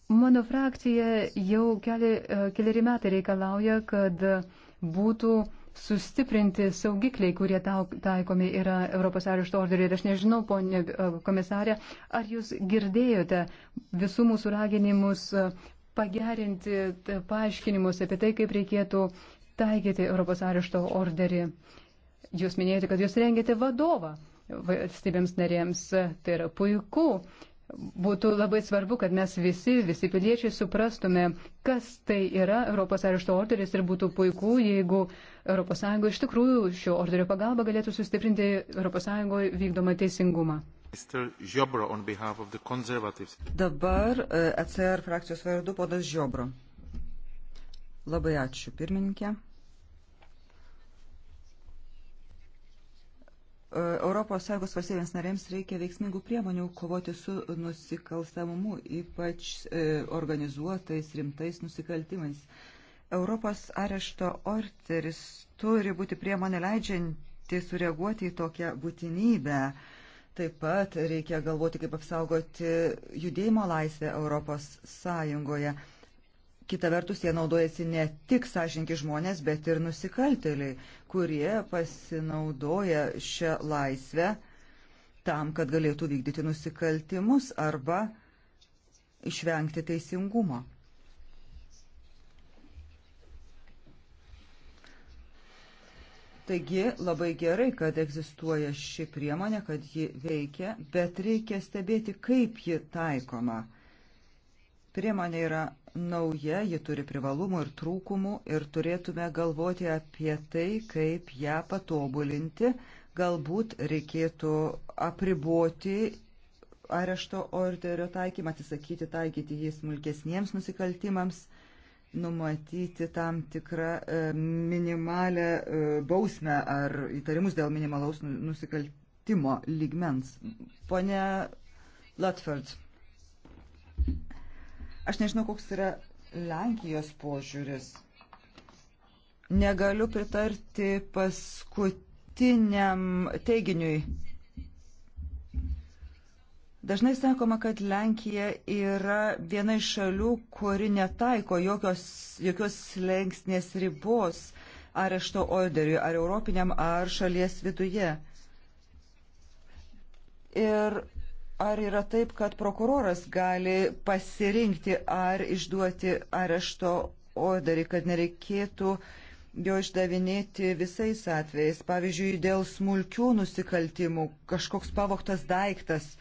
Mano frakcija jau keli, e, keliari metai reikalauja, kad būtų sustiprinti saugikliai, kurie taikomi yra Europos arešto orderiai. Ir aš nežinau, ponė e, komisarė, ar jūs girdėjote visų mūsų raginimus e, pagerinti paaiškinimus apie tai, kaip reikėtų taikyti Europos arešto orderį. Jūs minėjote, kad jūs rengėte vadovą valstybėms narėms. Tai yra puiku. Būtų labai svarbu, kad mes visi, visi piliečiai suprastume, kas tai yra Europos arešto orderis ir būtų puiku, jeigu ES iš tikrųjų šio orderio pagalba galėtų sustiprinti ES vykdomą teisingumą. Žiobro, Dabar ECR e frakcijos vardu podas Žiobro. Labai ačiū, pirmininkė. E, ES valstybėms narėms reikia veiksmingų priemonių kovoti su nusikalstamumu, ypač e, organizuotais rimtais nusikaltimais. Europos arešto orderis turi būti priemonė leidžianti sureaguoti į tokią būtinybę. Taip pat reikia galvoti, kaip apsaugoti judėjimo laisvę Europos Sąjungoje. Kita vertus, jie naudojasi ne tik sąžinki žmonės, bet ir nusikaltėliai, kurie pasinaudoja šią laisvę tam, kad galėtų vykdyti nusikaltimus arba išvengti teisingumo. Taigi labai gerai, kad egzistuoja ši priemonė, kad ji veikia, bet reikia stebėti, kaip ji taikoma Priemonė yra nauja, ji turi privalumų ir trūkumų ir turėtume galvoti apie tai, kaip ją patobulinti. Galbūt reikėtų apriboti arešto orderio taikymą, atsisakyti taikyti jį smulkesniems nusikaltimams, numatyti tam tikrą e, minimalę e, bausmę ar įtarimus dėl minimalaus nusikaltimo lygmens. Pone Latford. Aš nežinau, koks yra Lenkijos požiūris. Negaliu pritarti paskutiniam teiginiui. Dažnai sakoma, kad Lenkija yra viena iš šalių, kuri netaiko jokios, jokios lengsnės ribos arešto orderiui, ar europiniam, ar šalies viduje. Ir Ar yra taip, kad prokuroras gali pasirinkti ar išduoti arešto orderį, kad nereikėtų jo išdavinėti visais atvejais, pavyzdžiui, dėl smulkių nusikaltimų, kažkoks pavoktas daiktas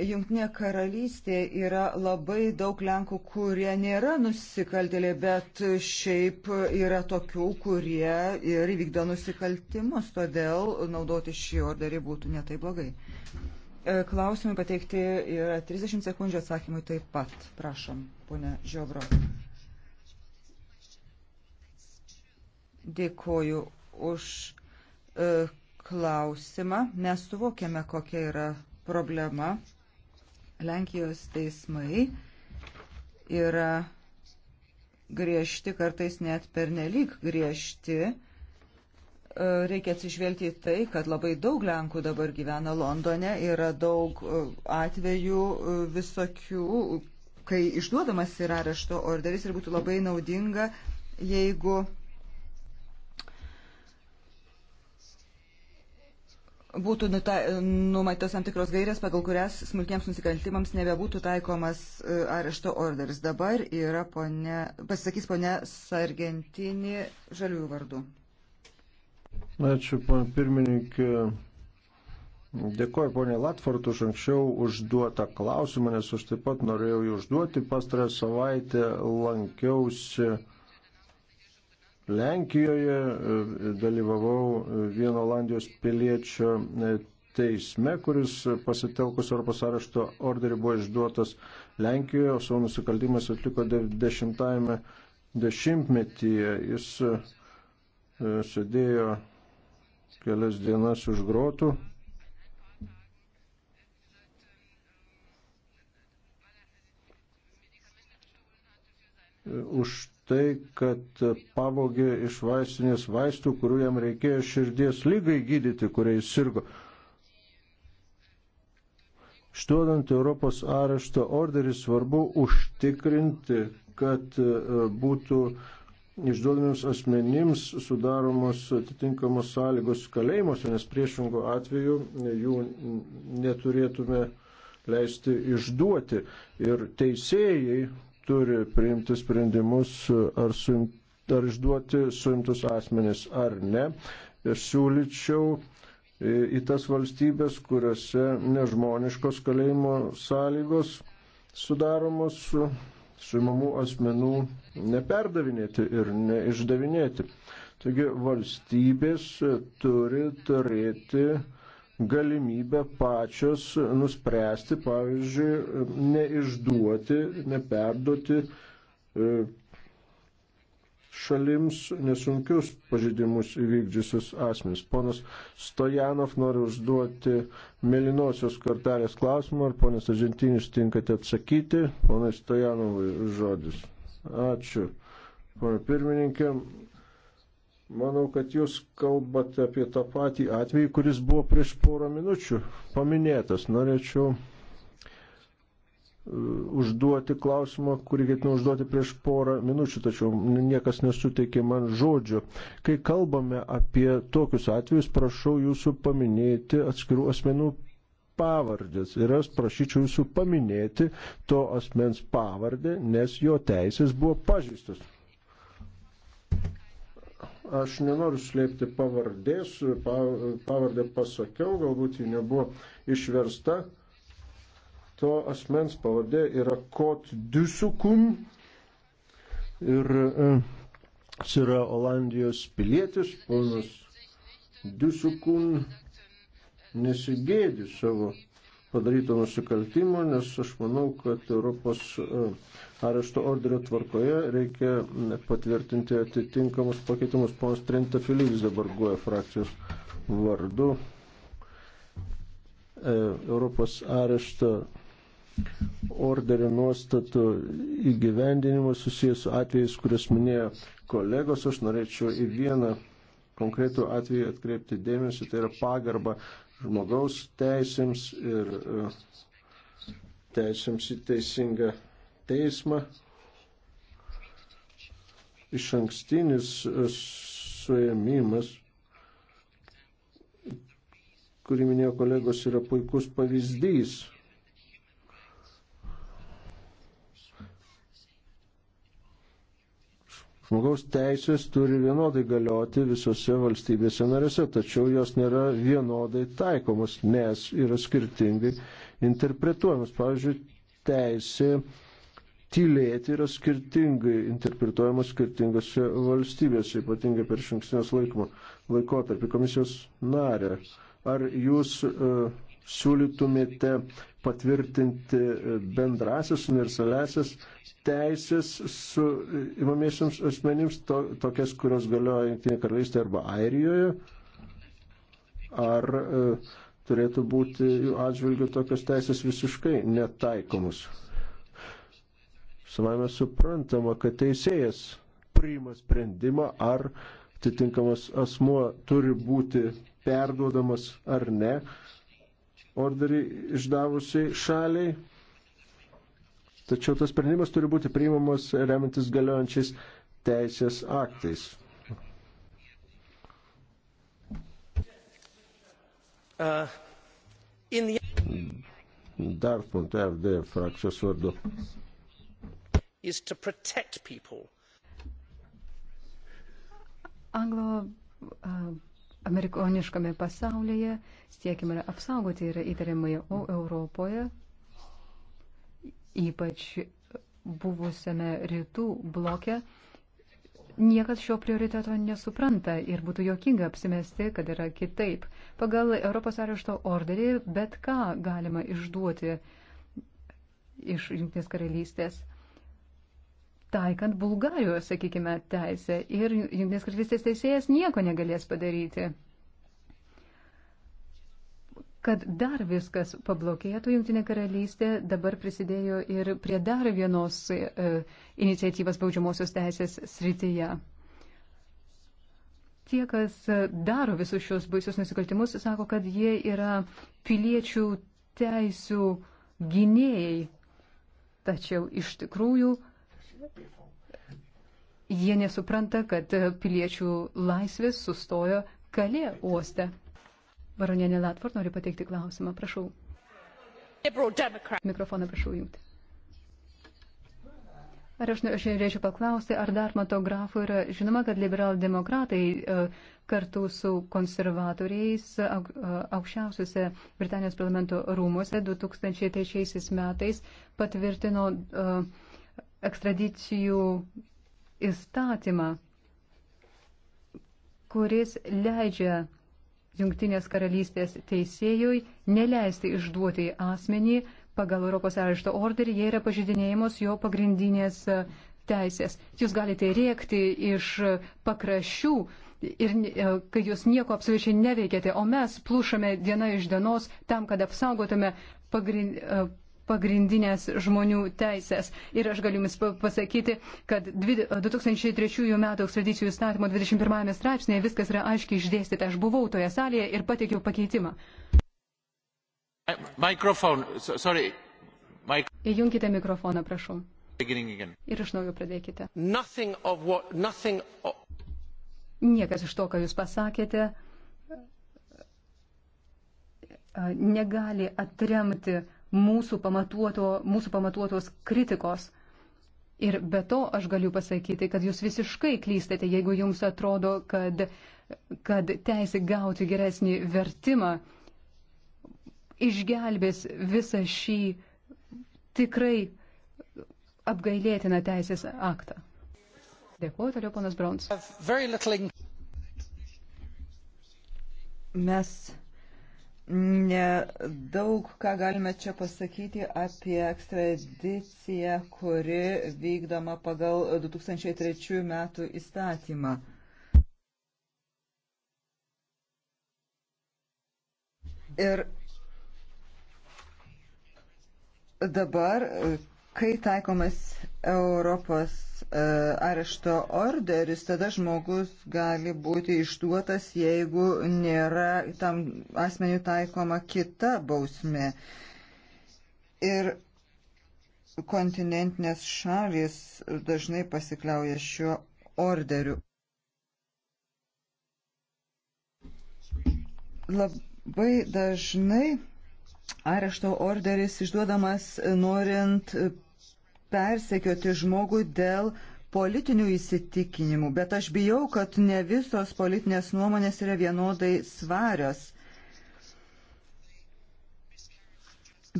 Junktinė karalystė yra labai daug Lenkų, kurie nėra nusikaltėliai, bet šiaip yra tokių, kurie ir įvykdo nusikaltimus, todėl naudoti šį orderį būtų netai blogai. E, klausimai pateikti yra 30 sekundžių atsakymui taip pat. Prašom, ponė Žiobro. Dėkoju už e, klausimą. Mes suvokėme, kokia yra problema. Lenkijos teismai yra griežti, kartais net pernelyg griežti. E, reikia atsižvelgti į tai, kad labai daug Lenkų dabar gyvena Londone, yra daug e, atvejų e, visokių, kai išduodamas yra arešto orderis ir būtų labai naudinga, jeigu būtų numatytos tam tikros gairės, pagal kurias smulkiems nusikaltimams nebebūtų taikomas e, arešto orderis. Dabar yra ponė, pasisakys ponė Sargentinį žaliųjų vardų. Ačiū, ponė pirmininkė. Dėkoju ponė Latvart už anksčiau užduotą klausimą, nes aš taip pat norėjau jį užduoti. Pastarą savaitę lankiausi Lenkijoje e, dalyvavau e, vieno Olandijos piliečio e, teisme, kuris pasitelkus Europos arešto orderį buvo išduotas Lenkijoje, o savo nusikaltimas atliko 90-ame dešimtmetyje. Jis sėdėjo kelias dienas už grotų. Už tai, kad pavogė iš vaistinės vaistų, kurių jam reikėjo širdies lygai gydyti, kuriais sirgo. Štuodant Europos arešto orderį svarbu užtikrinti, kad e, būtų išduodamiems asmenims sudaromos atitinkamos sąlygos kalėjimuose, nes priešingų atveju e, jų neturėtume leisti išduoti. Ir teisėjai turi priimti sprendimus ar, su, ar išduoti suimtus asmenis ar ne. Ir siūlyčiau į tas valstybės, kuriuose nežmoniškos kalėjimo sąlygos sudaromos su suimamų asmenų neperdavinėti ir neišdavinėti. Taigi valstybės turi turėti uh, galimybę pačios nuspręsti, pavyzdžiui, neišduoti, neperduoti e, šalims nesunkius pažeidimus įvykdžiusius asmenys. Ponas Stojanov nori užduoti mėlynosios kortelės klausimą, ar ponas Argentinis tinkate atsakyti. Ponas Stojanovui žodis. Ačiū. Pana pirmininkė, Manau, kad jūs kalbate apie tą patį atvejį, kuris buvo prieš porą minučių paminėtas. Norėčiau e, užduoti klausimą, kurį ketinau užduoti prieš porą minučių, tačiau niekas nesuteikė man žodžio. Kai kalbame apie tokius atvejus, prašau jūsų paminėti atskirų asmenų pavardės ir aš prašyčiau jūsų paminėti to asmens pavardę, nes jo teisės buvo pažįstos aš nenoriu slėpti pavardės, pavardę pasakiau, galbūt ji nebuvo išversta. To asmens pavardė yra Kot Dusukum ir e, jis yra Olandijos pilietis, ponas Dusukun nesigėdi savo padaryto nusikaltimo, nes aš manau, kad Europos e, arešto orderio tvarkoje reikia patvirtinti atitinkamus pakeitimus. Ponas Trenta Filidis dabar guoja frakcijos vardu. E, Europos arešto orderio nuostatų įgyvendinimas susijęs su atvejais, kurias minėjo kolegos. Aš norėčiau į vieną konkretų atvejį atkreipti dėmesį, tai yra pagarba žmogaus teisėms ir e, teisėms į teisingą teismą. Iš ankstinis e, suėmimas, kurį minėjo kolegos, yra puikus pavyzdys Žmogaus teisės turi vienodai galioti visose valstybėse narėse, tačiau jos nėra vienodai taikomos, nes yra skirtingai interpretuojamos. Pavyzdžiui, teisė tylėti yra skirtingai interpretuojama skirtingose valstybėse, ypatingai per šinksnės laikmo, laikotarpį komisijos narę. Ar jūs uh, siūlytumėte patvirtinti bendrasis universalesis teisės su įmamiesiams asmenims, to, tokias, kurios galioja Junktinė karalystė arba Airijoje, ar e, turėtų būti jų atžvilgių tokios teisės visiškai netaikomus. Savame suprantama, kad teisėjas priima sprendimą, ar atitinkamas asmuo turi būti perduodamas ar ne. E, orderį išdavusiai šaliai. Tačiau tas sprendimas turi būti priimamas remintis galiojančiais teisės aktais. Uh, Dartmouth FD frakcijos vardu. Anglo uh, amerikoniškame pasaulyje siekime apsaugoti yra įtariamai, o Europoje, ypač buvusiame rytų bloke, niekas šio prioriteto nesupranta ir būtų jokinga apsimesti, kad yra kitaip. Pagal Europos arešto orderį bet ką galima išduoti iš Junktinės karalystės taikant Bulgarijos, sakykime, teisę ir Junktinės karalystės teisėjas nieko negalės padaryti. Kad dar viskas pablokėtų, Junktinė karalystė dabar prisidėjo ir prie dar vienos e, iniciatyvas baudžiamosios teisės srityje. Tie, kas e, daro visus šios baisius nusikaltimus, sako, kad jie yra piliečių teisų gynėjai. Tačiau iš tikrųjų Jie nesupranta, kad piliečių laisvės sustojo kalė uoste. Varonienė Latvart nori pateikti klausimą, prašau. Mikrofoną prašau jungti. Ar aš norėčiau paklausti, ar dar matografų yra žinoma, kad liberaldemokratai e, kartu su konservatoriais e, aukščiausiuose Britanijos parlamento rūmuose 2003 metais patvirtino uh, ekstradicijų įstatymą, kuris leidžia Junktinės karalystės teisėjui neleisti išduoti asmenį pagal Europos arešto orderį, jei yra pažydinėjimos jo pagrindinės teisės. Jūs galite rėkti iš pakraščių ir e, kai jūs nieko absoliučiai neveikėte, o mes plūšame diena iš dienos tam, kad apsaugotume pagrind, e, pagrindinės žmonių teisės. Ir aš galiu Jums pasakyti, kad 2003 m. ekstradicijų įstatymo 21 straipsnėje viskas yra aiškiai išdėstyta. Aš buvau toje salėje ir pateikiau pakeitimą. Eh, mikrofon, sorry. Mik Įjunkite mikrofoną, prašau. Ir iš naujo pradėkite. Nothing of what, nothing of... Niekas iš to, ką Jūs pasakėte, negali atremti mūsų, pamatuoto, mūsų pamatuotos kritikos. Ir be to aš galiu pasakyti, kad jūs visiškai klystate, jeigu jums atrodo, kad, kad teisė gauti geresnį vertimą išgelbės visą šį tikrai apgailėtiną teisės aktą. Dėkuoju toliau, ponas Brons. Mes Nedaug ką galime čia pasakyti apie ekstradiciją, kuri vykdoma pagal 2003 metų įstatymą. Ir dabar, kai taikomas Europos e, arešto orderis, tada žmogus gali būti išduotas, jeigu nėra tam asmeniu taikoma kita bausmė. Ir kontinentinės šalis dažnai pasikliauja šiuo orderiu. Labai dažnai arešto orderis išduodamas norint persekioti žmogų dėl politinių įsitikinimų, bet aš bijau, kad ne visos politinės nuomonės yra vienodai svarios.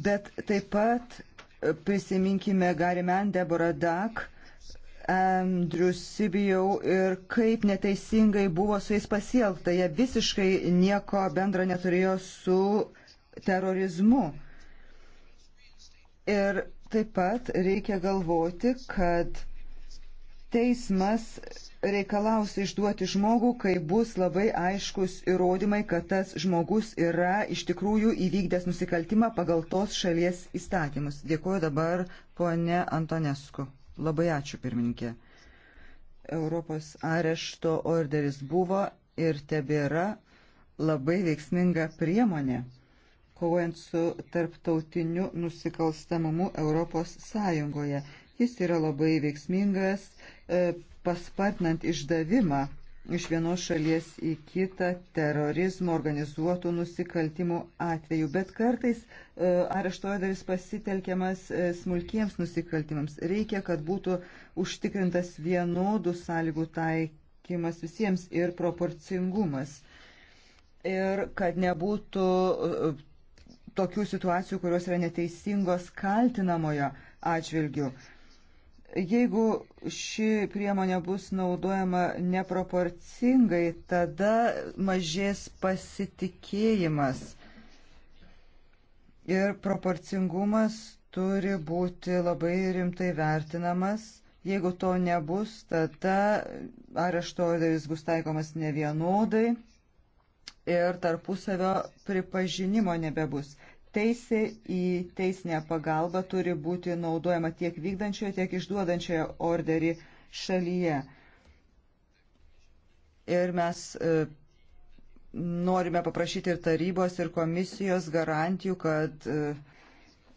Bet taip pat e, prisiminkime Garimen Deborah Duck, Andrew Sibijau ir kaip neteisingai buvo su jais pasielgta. Jie visiškai nieko bendro neturėjo su terorizmu. Ir Taip pat reikia galvoti, kad teismas reikalaus išduoti žmogų, kai bus labai aiškus įrodymai, kad tas žmogus yra iš tikrųjų įvykdęs nusikaltimą pagal tos šalies įstatymus. Dėkuoju dabar ponė Antonesku. Labai ačiū, pirmininkė. Europos arešto orderis buvo ir tebėra labai veiksminga priemonė kovojant su tarptautiniu nusikalstamumu Europos Sąjungoje. Jis yra labai veiksmingas, e, paspartinant išdavimą iš vienos šalies į kitą terorizmo organizuotų nusikaltimų atveju, bet kartais e, arešto orderis pasitelkiamas e, smulkiems nusikaltimams. Reikia, kad būtų užtikrintas vienodų sąlygų taikymas visiems ir proporcingumas. Ir kad nebūtų tokių situacijų, kurios yra neteisingos kaltinamojo atžvilgių. Jeigu ši priemonė bus naudojama neproporcingai, tada mažės pasitikėjimas. Ir proporcingumas turi būti labai rimtai vertinamas. Jeigu to nebus, tada arešto orderis bus taikomas nevienodai ir tarpusavio pripažinimo nebebus. Teisė į teisinę pagalbą turi būti naudojama tiek vykdančioje, tiek išduodančioje orderį šalyje. Ir mes e, norime paprašyti ir tarybos, ir komisijos garantijų, kad e,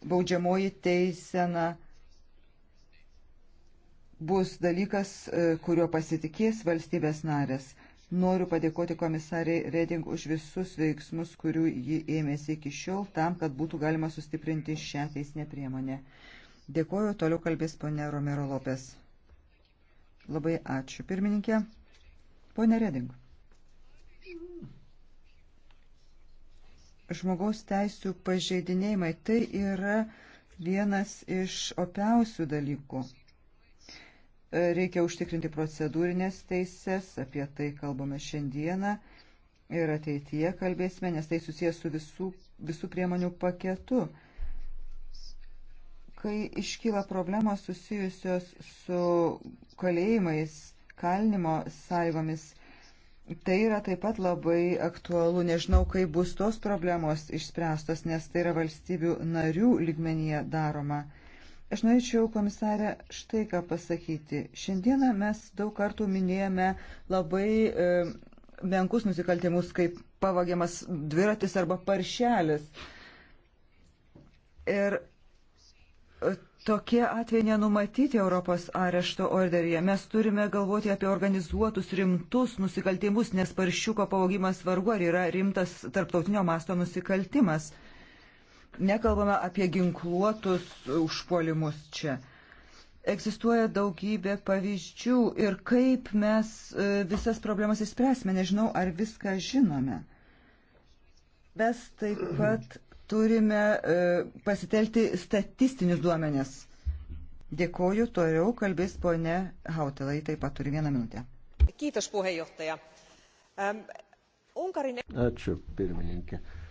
baudžiamoji teisena bus dalykas, e, kuriuo pasitikės valstybės narės. Noriu padėkoti komisariai Reding už visus veiksmus, kurių ji ėmėsi iki šiol, tam, kad būtų galima sustiprinti šią teisinę priemonę. Dėkoju, toliau kalbės ponė Romero Lopes. Labai ačiū, pirmininkė. Pone Reding. Žmogaus teisų pažeidinėjimai tai yra vienas iš opiausių dalykų Reikia užtikrinti procedūrinės teises, apie tai kalbame šiandieną ir ateityje kalbėsime, nes tai susijęs su visų, visų priemonių paketu. Kai iškyla problemos susijusios su kalėjimais, kalinimo sąlygomis, tai yra taip pat labai aktualu. Nežinau, kaip bus tos problemos išspręstos, nes tai yra valstybių narių lygmenyje daroma. Aš norėčiau, komisarė, štai ką pasakyti. Šiandieną mes daug kartų minėjome labai e, menkus nusikaltimus, kaip pavagiamas dviratis arba paršelis. Ir e, tokie atvejai nenumatyti Europos arešto orderyje. Mes turime galvoti apie organizuotus rimtus nusikaltimus, nes paršiuko pavogimas vargu ar yra rimtas tarptautinio masto nusikaltimas. Nekalbame apie ginkluotus užpuolimus čia. Egzistuoja daugybė pavyzdžių ir kaip mes e, visas problemas įspręsime, nežinau, ar viską žinome. Mes taip pat turime e, pasitelti statistinius duomenis. Dėkoju, toliau kalbės ponė Hautelai, taip pat turi vieną minutę. Kiitos puheenjohtaja. Um, Unkarin... Ačiū, pirmininkė. Uh,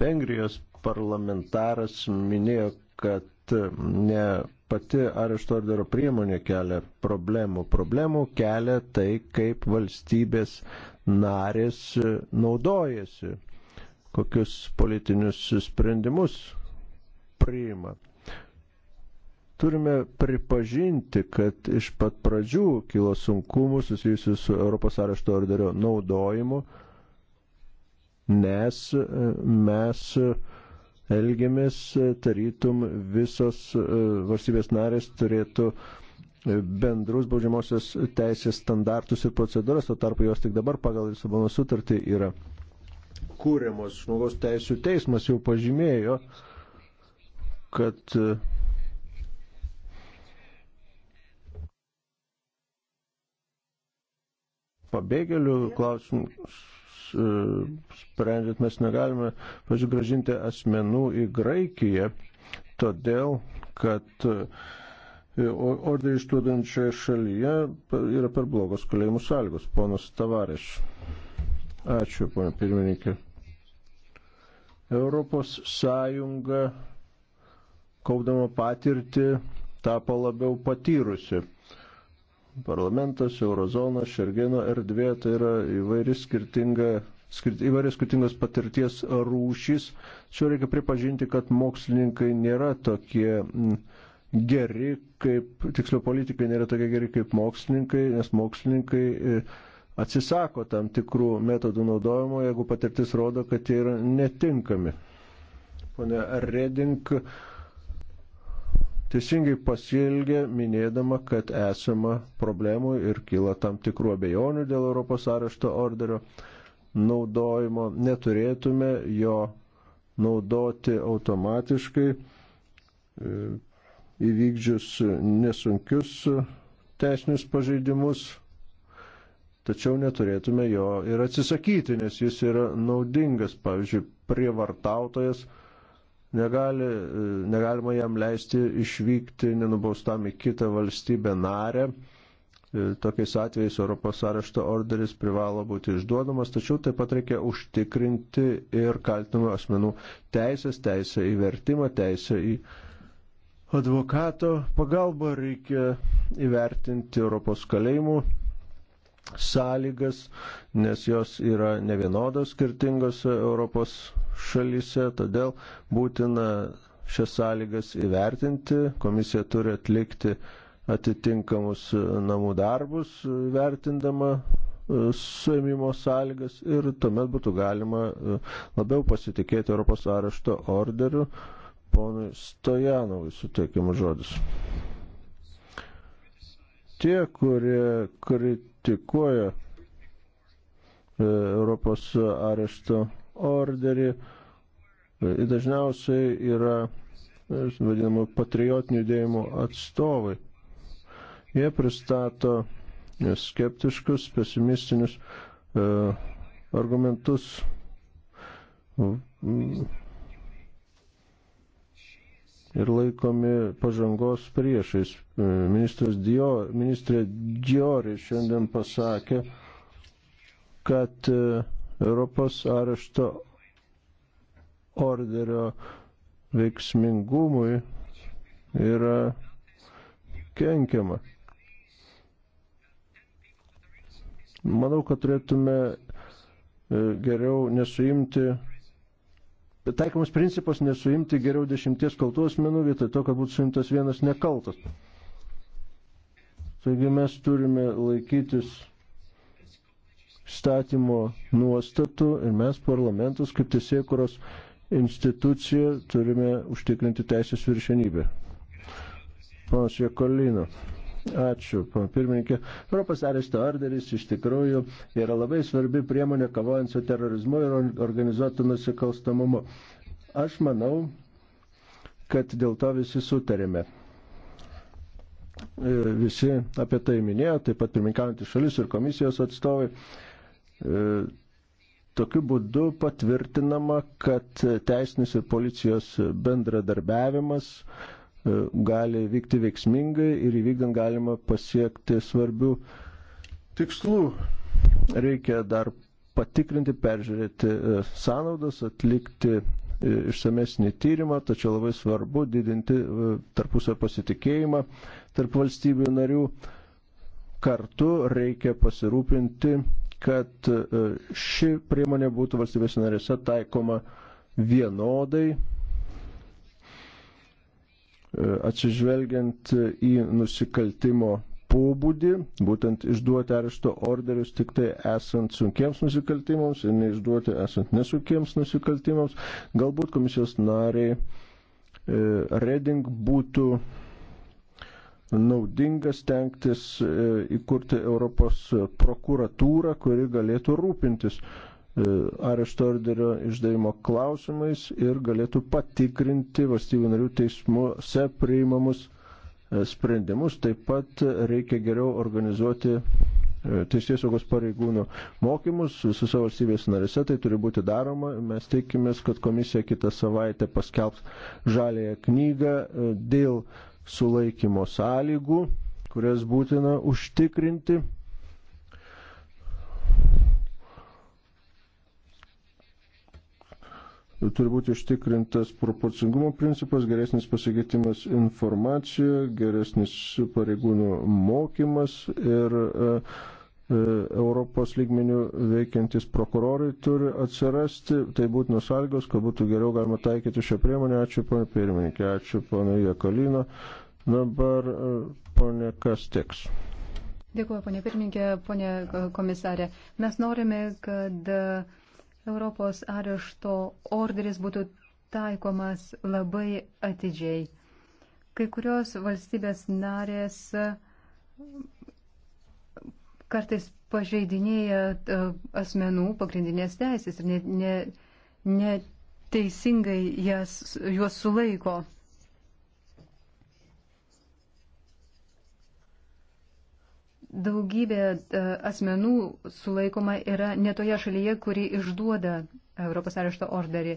Vengrijos parlamentaras minėjo, kad ne pati arešto ordero priemonė kelia problemų. Problemų kelia tai, kaip valstybės narės naudojasi, kokius politinius sprendimus priima. Turime pripažinti, kad iš pat pradžių kilo sunkumų susijusių su Europos arešto orderio naudojimu, nes e, mes elgiamės tarytum visos e, valstybės narės turėtų e, bendrus baudžiamosios teisės standartus ir procedūras, o tarpu jos tik dabar pagal Lisabono sutartį yra kūriamos. Žmogaus teisų teismas jau pažymėjo, kad pabėgėlių klausimus E, sprendžiant mes negalime, pažiūrėjau, gražinti asmenų į Graikiją, todėl, kad e, orderį išduodančioje šalyje yra per blogos kalėjimų sąlygos. Ponas Tavareš. Ačiū, ponė pirmininkė. Europos Sąjunga, kaupdama patirtį, tapo labiau patyrusi parlamentas, eurozona, šergeno erdvė, tai yra įvairi skirtinga, skirt, įvairi skirtingos patirties rūšys. Čia reikia pripažinti, kad mokslininkai nėra tokie geri, kaip, tiksliau, politikai nėra tokie geri kaip mokslininkai, nes mokslininkai e, atsisako tam tikrų metodų naudojimo, jeigu patirtis rodo, kad jie yra netinkami. Pone Reding, teisingai pasilgė, minėdama, kad esama problemų ir kyla tam tikrų abejonių dėl Europos arešto orderio naudojimo. Neturėtume jo naudoti automatiškai e, įvykdžius nesunkius teisinius pažeidimus, tačiau neturėtume jo ir atsisakyti, nes jis yra naudingas, pavyzdžiui, prievartautojas, negali, e, negalima jam leisti išvykti nenubaustam į kitą valstybę narę. E, tokiais atvejais Europos arešto orderis privalo būti išduodamas, tačiau taip pat reikia užtikrinti ir kaltinamų asmenų teisės, teisę į vertimą, teisę į advokato pagalbą, reikia įvertinti Europos kalėjimų sąlygas, nes jos yra ne vienodos skirtingose Europos šalyse, todėl būtina šias sąlygas įvertinti. Komisija turi atlikti atitinkamus namų darbus, vertindama e, suėmimo sąlygas ir tuomet būtų galima e, labiau pasitikėti Europos arešto orderiu. Ponui Stojanovui suteikiamas žodis tie, kurie kritikuoja e, Europos arešto orderį, e, dažniausiai yra e, vadinamų patriotinių judėjimų atstovai. Jie pristato skeptiškus, pesimistinius argumentus ir laikomi pažangos priešais. E, ministras Dior, ministrė Diori šiandien pasakė, kad e, Europos arešto orderio veiksmingumui yra kenkiama. Manau, kad turėtume e, geriau nesuimti taikomas principas nesuimti geriau dešimties kaltų asmenų vietoj to, kad būtų suimtas vienas nekaltas. Taigi mes turime laikytis statymo nuostatų ir mes parlamentus kaip tiesiekuros institucija turime užtikrinti teisės viršenybę. Panas Jekolino. Ačiū, pirmininkė. Europos arešto orderis iš tikrųjų yra labai svarbi priemonė kovojant su terorizmu ir organizuotų nusikalstamumu. Aš manau, kad dėl to visi sutarėme. E, visi apie tai minėjo, taip pat pirmininkaujantys šalis ir komisijos atstovai. E, tokiu būdu patvirtinama, kad teisinis ir policijos bendradarbiavimas uh, E, gali vykti veiksmingai ir įvykdant galima pasiekti svarbių tikslų. Reikia dar patikrinti, peržiūrėti e, sąnaudas, atlikti e, išsamesnį tyrimą, tačiau labai svarbu didinti tarpusio pasitikėjimą tarp valstybių narių. Kartu reikia pasirūpinti, kad ši priemonė būtų valstybės narėse taikoma vienodai E, atsižvelgiant į nusikaltimo pobūdį, būtent išduoti arešto orderius tik tai esant sunkiems nusikaltimams ir neišduoti esant nesunkiems nusikaltimams. Galbūt komisijos nariai e, Reding būtų naudinga stengtis e, įkurti Europos prokuratūrą, kuri galėtų rūpintis E, arešto orderio išdavimo klausimais ir galėtų patikrinti valstybių narių teismuose priimamus e, sprendimus. Taip pat reikia geriau organizuoti e, teisės saugos pareigūnų mokymus visose valstybės narėse, tai turi būti daroma. Mes tikimės, kad komisija kitą savaitę paskelbs žalėją knygą dėl sulaikymo sąlygų, kurias būtina užtikrinti turi būti užtikrintas proporcingumo principas, geresnis pasikeitimas informacija, geresnis pareigūnų mokymas ir e, e, Europos lygmenių veikiantis prokurorai turi atsirasti. Tai būtinos sąlygos, kad būtų geriau galima taikyti šią priemonę. Ačiū, ponė pirmininkė, ačiū, ponė Jekalino. Dabar e, ponė Kasteks. Dėkuoju, ponė pirmininkė, ponė komisarė. Mes norime, kad uh, Europos arešto orderis būtų taikomas labai atidžiai. Kai kurios valstybės narės e, kartais pažeidinėja e, asmenų pagrindinės teisės ir neteisingai ne, ne, ne jas, juos sulaiko. daugybė e, asmenų sulaikoma yra ne toje šalyje, kuri išduoda Europos arešto orderį.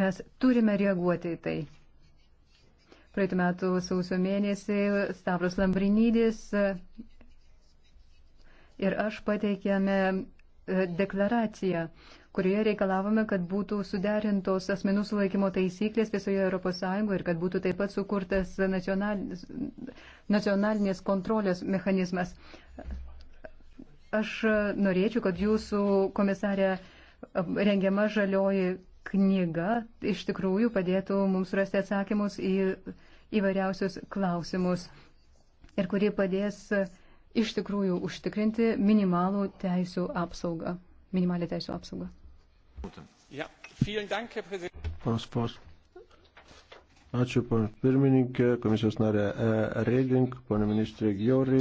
Mes turime reaguoti į tai. Praeitų metų sausio mėnesį Stavros Lambrinydis ir aš pateikėme e, deklaraciją, kurioje reikalavome, kad būtų suderintos asmenų sulaikymo taisyklės visoje ES ir kad būtų taip pat sukurtas nacional... nacionalinės kontrolės mechanizmas. Aš norėčiau, kad jūsų komisarė rengiama žalioji knyga iš tikrųjų padėtų mums rasti atsakymus į įvairiausius klausimus ir kurie padės iš tikrųjų užtikrinti minimalų teisų apsaugą, minimalę teisų apsaugą. Ja, Dank, Panas Paus. Ačiū, pana pirmininkė, komisijos narė e. Reding, pana ministrė Giori.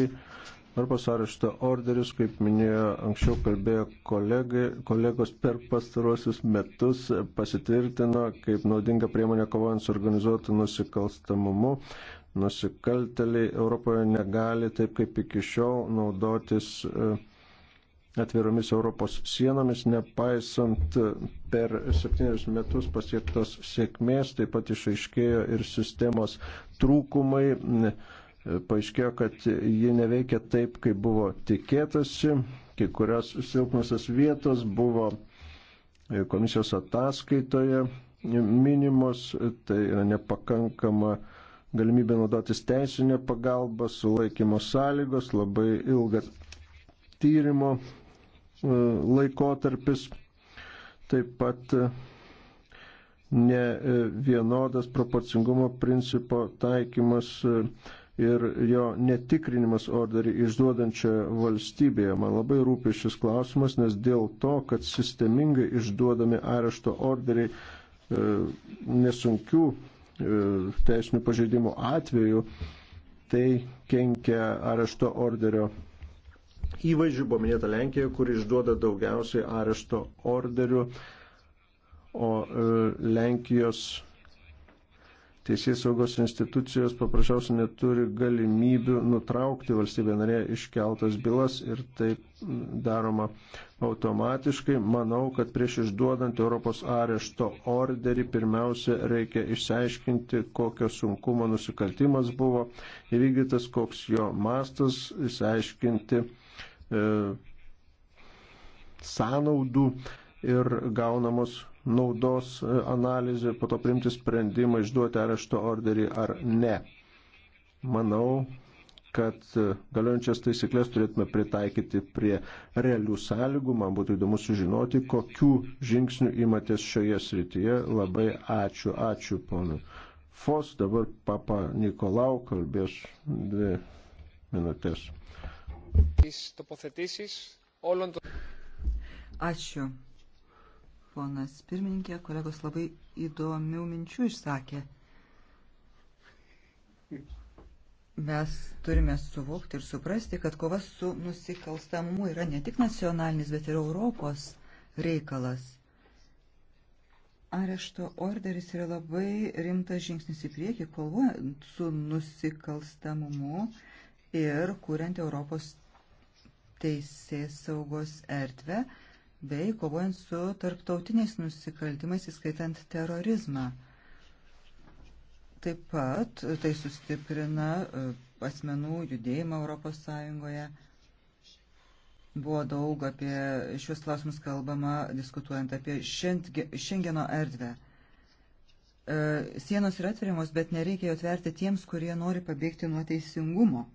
Europos arešto orderis, kaip minėjo anksčiau kalbėjo kolegai, kolegos per pastaruosius metus pasitvirtino kaip naudinga priemonė kovojant su organizuotu nusikalstamumu. Nusikalteliai Europoje negali taip kaip iki šiol naudotis. E, atviromis Europos sienomis, nepaisant per septynerius metus pasiektos sėkmės, taip pat išaiškėjo ir sistemos trūkumai. Paaiškėjo, kad ji neveikia taip, kaip buvo tikėtasi, kai kurios silpnosios vietos buvo komisijos ataskaitoje minimos, tai yra nepakankama galimybė naudotis teisinė pagalba, sulaikymo sąlygos, labai ilgas tyrimo laikotarpis, taip pat ne vienodas proporcingumo principo taikymas ir jo netikrinimas orderį išduodančioje valstybėje. Man labai rūpi šis klausimas, nes dėl to, kad sistemingai išduodami arešto orderiai e, nesunkių e, teisinių pažeidimų atveju, tai kenkia arešto orderio įvaizdžių. Buvo minėta Lenkija, kuri išduoda daugiausiai arešto orderių, o e, Lenkijos teisės saugos institucijos paprasčiausiai neturi galimybių nutraukti valstybė narė iškeltas bylas ir tai daroma automatiškai. Manau, kad prieš išduodant Europos arešto orderį pirmiausia reikia išsiaiškinti, kokio sunkumo nusikaltimas buvo įvykdytas, koks jo mastas, išsiaiškinti E, sąnaudų ir gaunamos naudos e, analizė, po to priimti sprendimą išduoti arešto orderį ar ne. Manau, kad e, galiojančias taisyklės turėtume pritaikyti prie realių sąlygų. Man būtų įdomu sužinoti, kokių žingsnių imatės šioje srityje. Labai ačiū, ačiū ponui. Fos dabar papa Nikolau kalbės dvi minutės. Ačiū. Ponas pirmininkė, kolegos labai įdomių minčių išsakė. Mes turime suvokti ir suprasti, kad kova su nusikalstamumu yra ne tik nacionalinis, bet ir Europos reikalas arešto orderis yra labai rimtas žingsnis į priekį, kovojant su nusikalstamumu ir kuriant Europos teisės saugos erdvę bei kovojant su tarptautiniais nusikaltimais, įskaitant terorizmą. Taip pat tai sustiprina e, asmenų judėjimą Europos Sąjungoje. Buvo daug apie šios klausimus kalbama, diskutuojant apie Šengeno erdvę e, sienos yra atveriamos, bet nereikia jo atverti tiems, kurie nori pabėgti nuo teisingumo.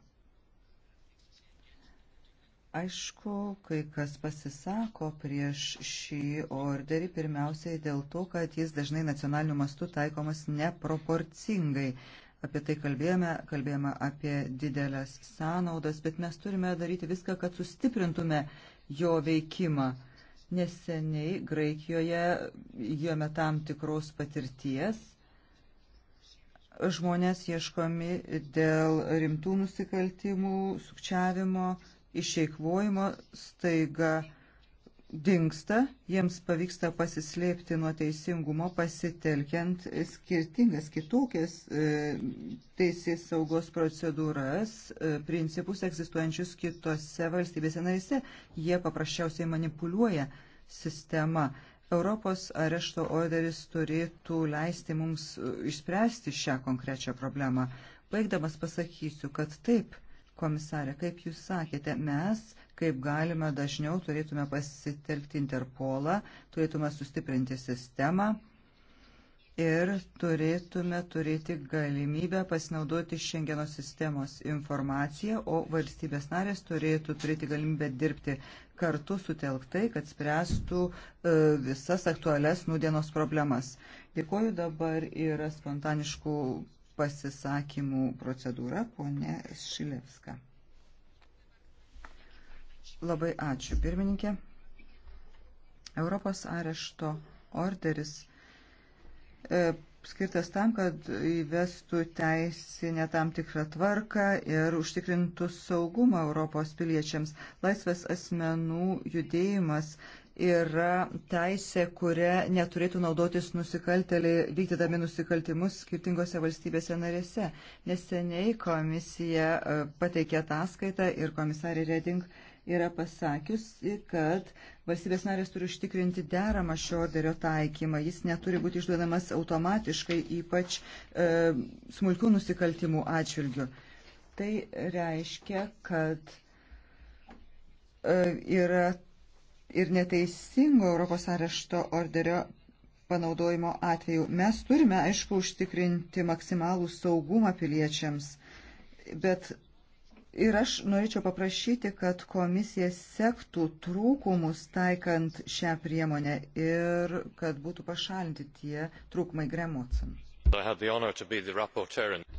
Aišku, kai kas pasisako prieš šį orderį, pirmiausiai dėl to, kad jis dažnai nacionaliniu mastu taikomas neproporcingai. Apie tai kalbėjome, kalbėjome apie didelės sąnaudas, bet mes turime daryti viską, kad sustiprintume jo veikimą. Neseniai Graikijoje įgyjome tam tikros patirties žmonės ieškomi dėl rimtų nusikaltimų, sukčiavimo, išeikvojimo staiga dinksta, jiems pavyksta pasislėpti nuo teisingumo pasitelkiant skirtingas kitokias e, teisės saugos procedūras, e, principus egzistuojančius kitose valstybėse narise. Jie paprasčiausiai manipuliuoja sistemą. Europos arešto orderis turėtų leisti mums e, išspręsti šią konkrečią problemą. Baigdamas pasakysiu, kad taip, Komisarė, kaip jūs sakėte, mes, kaip galime dažniau, turėtume pasitelkti Interpolą, turėtume sustiprinti sistemą ir turėtume turėti galimybę pasinaudoti Šengeno sistemos informaciją, o valstybės narės turėtų turėti galimybę dirbti kartu sutelktai, kad spręstų e, visas aktualias nudienos problemas. Dėkuoju, dabar yra spontaniškų pasisakymų procedūra, ponė Šilevska. Labai ačiū, pirmininkė. Europos arešto orderis e, skirtas tam, kad įvestų teisinę tam tikrą tvarką ir užtikrintų saugumą Europos piliečiams. Laisvės asmenų judėjimas e, yra teisė, kurią neturėtų naudotis nusikalteliai vykdydami nusikaltimus skirtingose valstybėse narėse. Neseniai komisija e, pateikė ataskaitą ir komisarė Reding yra pasakiusi, kad valstybės narės turi užtikrinti deramą šio orderio taikymą. Jis neturi būti išduodamas automatiškai, ypač e, smulkių nusikaltimų atžvilgių. Tai reiškia, kad e, yra ir neteisingo Europos arešto orderio panaudojimo atveju. Mes turime, aišku, užtikrinti maksimalų saugumą piliečiams, bet ir aš norėčiau paprašyti, kad komisija sektų trūkumus taikant šią priemonę ir kad būtų pašalinti tie trūkumai Gremotsen.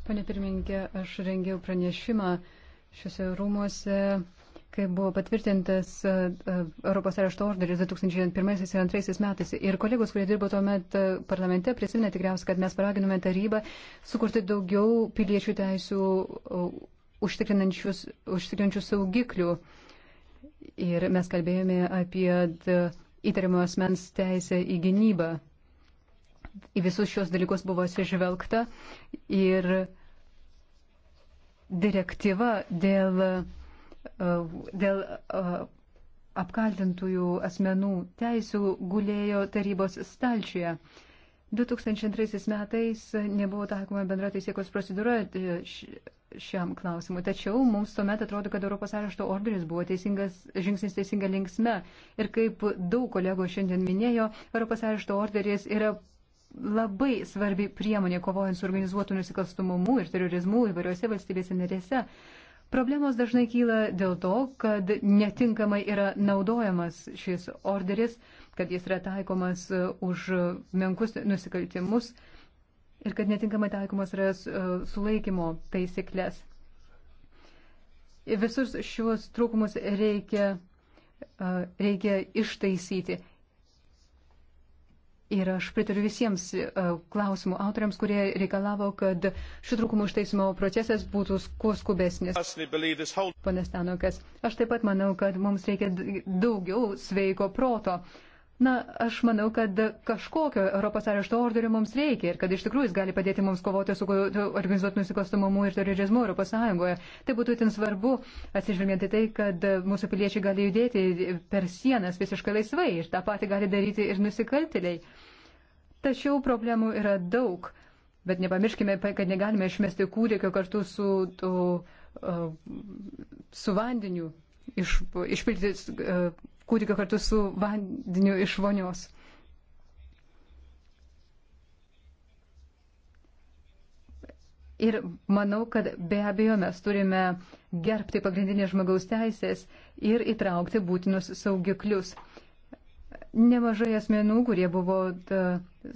Pane pirmininkė, aš rengiau pranešimą šiuose rūmuose kai buvo patvirtintas e, e, Europos arešto orderis 2001-2002 metais. Ir kolegos, kurie dirbo tuomet e, parlamente, prisimena tikriausiai, kad mes paraginome tarybą sukurti daugiau piliečių teisų užtikrinančių saugiklių. Ir mes kalbėjome apie įtariamo asmens teisę į gynybą. Į visus šios dalykus buvo atsižvelgta ir direktyva dėl E, dėl e, apkaltintųjų asmenų teisų gulėjo tarybos stalčiuje. 2002 metais nebuvo taikoma bendra teisėkos procedūra e, šiam klausimui. Tačiau mums tuomet atrodo, kad Europos arešto orderis buvo teisingas, žingsnis teisinga linksme. Ir kaip daug kolegų šiandien minėjo, Europos arešto orderis yra labai svarbi priemonė kovojant su organizuotu nusikalstumumu ir terorizmu įvairiose valstybėse narėse. Problemos dažnai kyla dėl to, kad netinkamai yra naudojamas šis orderis, kad jis yra taikomas e, už menkus nusikaltimus ir kad netinkamai taikomas yra e, sulaikymo taisyklės. Visus šiuos trūkumus reikia, e, reikia ištaisyti Ir aš pritariu visiems e, klausimų autoriams, kurie reikalavo, kad šių trūkumų išteisimo procesas būtų kuo skubesnis. Panas Tanukas, aš taip pat manau, kad mums reikia daugiau sveiko proto. Na, aš manau, kad kažkokio Europos arešto orderio mums reikia ir kad iš tikrųjų jis gali padėti mums kovoti su organizuotų nusikalstamumu ir terorizmu Europos Sąjungoje. Tai būtų itin svarbu, atsižvelgiant į tai, kad mūsų piliečiai gali judėti per sienas visiškai laisvai ir tą patį gali daryti ir nusikaltėliai. Tačiau problemų yra daug, bet nepamirškime, kad negalime išmesti kūdikio kartu su, tu, su vandeniu, iš, išpilti. Uh, kūdikio kartu su vandeniu iš vonios. Ir manau, kad be abejo mes turime gerbti pagrindinės žmogaus teisės ir įtraukti būtinus saugiklius. Nemažai asmenų, kurie buvo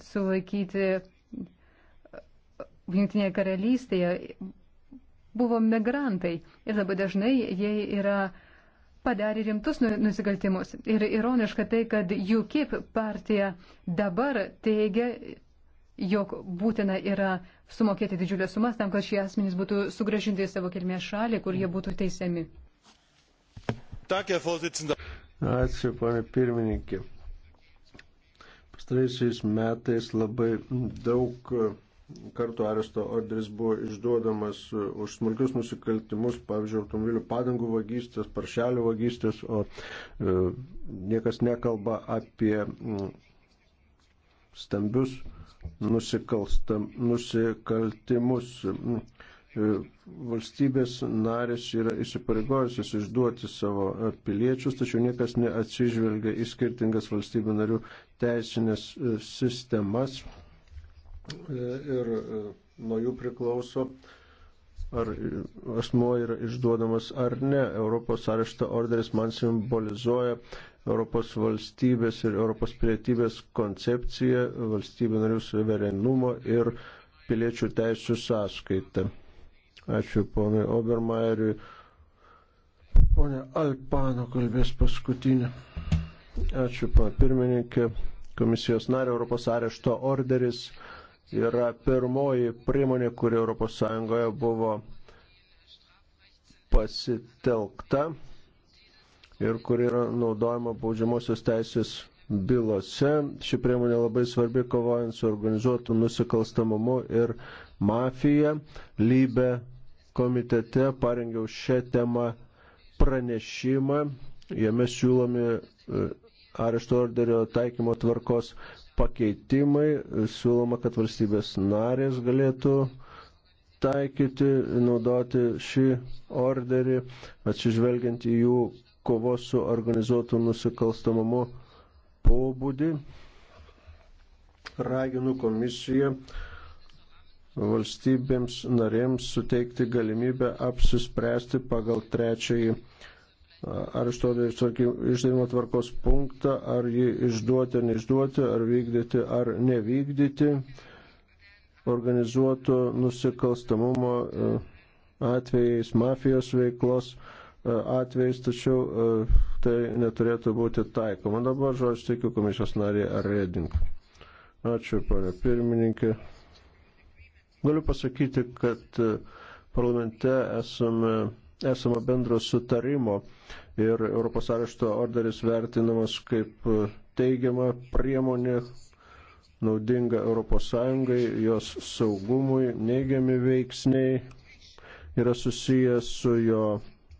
sulaikyti e, Junktinėje karalystėje, buvo migrantai ir labai dažnai jie yra uh, padarė rimtus nu- nusikaltimus. Ir ironiška tai, kad UKIP partija dabar teigia, jog būtina yra sumokėti didžiulę sumas tam, kad šie asmenys būtų sugražinti į savo kilmės šalį, kur jie būtų teisiami. Ačiū, panė pirmininkė. Pastaraisiais metais labai daug kartų aresto orderis buvo išduodamas e, už smulkius nusikaltimus, pavyzdžiui, automobilių padangų vagystės, paršelių vagystės, o e, niekas nekalba apie stambius nusikaltimus. E, valstybės narės yra įsipareigojusios išduoti savo piliečius, tačiau niekas neatsižvelgia į skirtingas valstybių narių teisinės sistemas ir e, nuo jų priklauso, ar asmo yra išduodamas ar ne. Europos arešto orderis man simbolizuoja Europos valstybės ir Europos pilietybės koncepciją, valstybių narių suverenumo ir piliečių teisų sąskaitą. Ačiū ponui Obermajeriui. Pone Alpano kalbės paskutinį. Ačiū, pana pirmininkė, komisijos nario Europos arešto orderis yra pirmoji priemonė, kuri ES buvo pasitelkta ir kuri yra naudojama baudžiamosios teisės bylose. Ši priemonė labai svarbi kovojant su organizuotu nusikalstamumu ir mafija. Lybe komitete parengiau šią temą pranešimą. Jame siūlomi e, arešto orderio taikymo tvarkos pakeitimai. Siūloma, kad valstybės narės galėtų taikyti, naudoti šį orderį, atsižvelgiant į jų kovos su organizuotu nusikalstamumu pobūdį. Raginu komisiją valstybėms narėms suteikti galimybę apsispręsti pagal trečiąjį ar išduoti išdavimo tvarkos punktą, ar jį išduoti ar neišduoti, ar vykdyti ar nevykdyti organizuoto nusikalstamumo e, atvejais, mafijos veiklos e, atvejais, tačiau e, tai neturėtų būti taikoma. Dabar žodžiu teikiu komisijos narį Reding. Ačiū, ponė pirmininkė. Galiu pasakyti, kad parlamente esame esama bendro sutarimo ir Europos arešto orderis vertinamas kaip e, teigiama priemonė naudinga Europos Sąjungai, jos saugumui, neigiami veiksniai yra susijęs su jo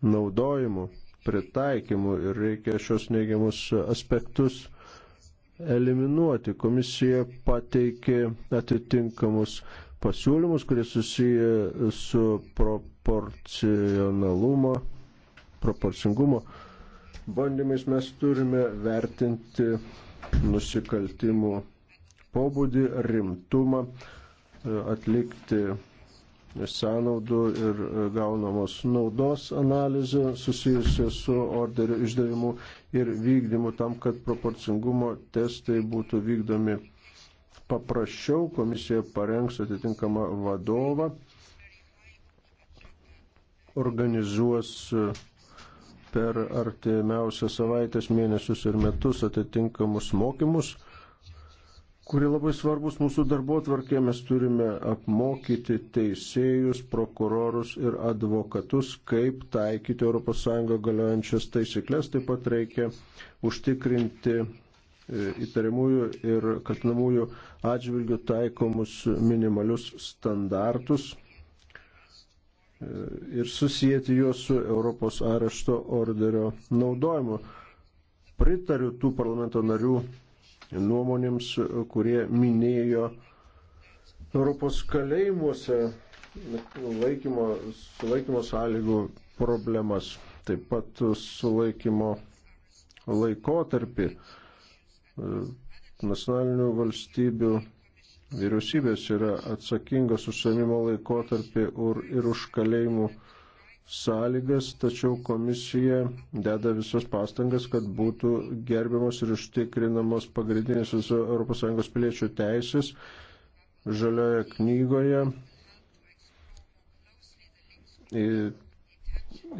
naudojimu, pritaikymu ir reikia šios neigiamus aspektus eliminuoti. Komisija pateikė atitinkamus pasiūlymus, kurie susiję su pro proporcionalumo, proporcingumo bandymais mes turime vertinti nusikaltimų pobūdį, rimtumą, atlikti sąnaudų ir gaunamos naudos analizę susijusią su orderio išdavimu ir vykdymu tam, kad proporcingumo testai būtų vykdomi paprasčiau. Komisija parengs atitinkamą vadovą organizuos e, per artimiausią savaitės mėnesius ir metus atitinkamus mokymus, kurie labai svarbus mūsų darbo tvarkė. Mes turime apmokyti teisėjus, prokurorus ir advokatus, kaip taikyti ES galiojančias taisyklės. Taip pat reikia užtikrinti e, įtariamųjų ir kaltinamųjų atžvilgių taikomus minimalius standartus ir susijęti juos su Europos arešto orderio naudojimu. Pritariu tų parlamento narių nuomonėms, kurie minėjo Europos kalėjimuose laikymo, sulaikymo sąlygų problemas, taip pat sulaikymo laikotarpį nacionalinių valstybių Vyriausybės yra atsakingos užsamimo laikotarpį ir už kalėjimų sąlygas, tačiau komisija deda visas pastangas, kad būtų gerbiamos ir užtikrinamos pagrindinės ES piliečių teisės žalioje knygoje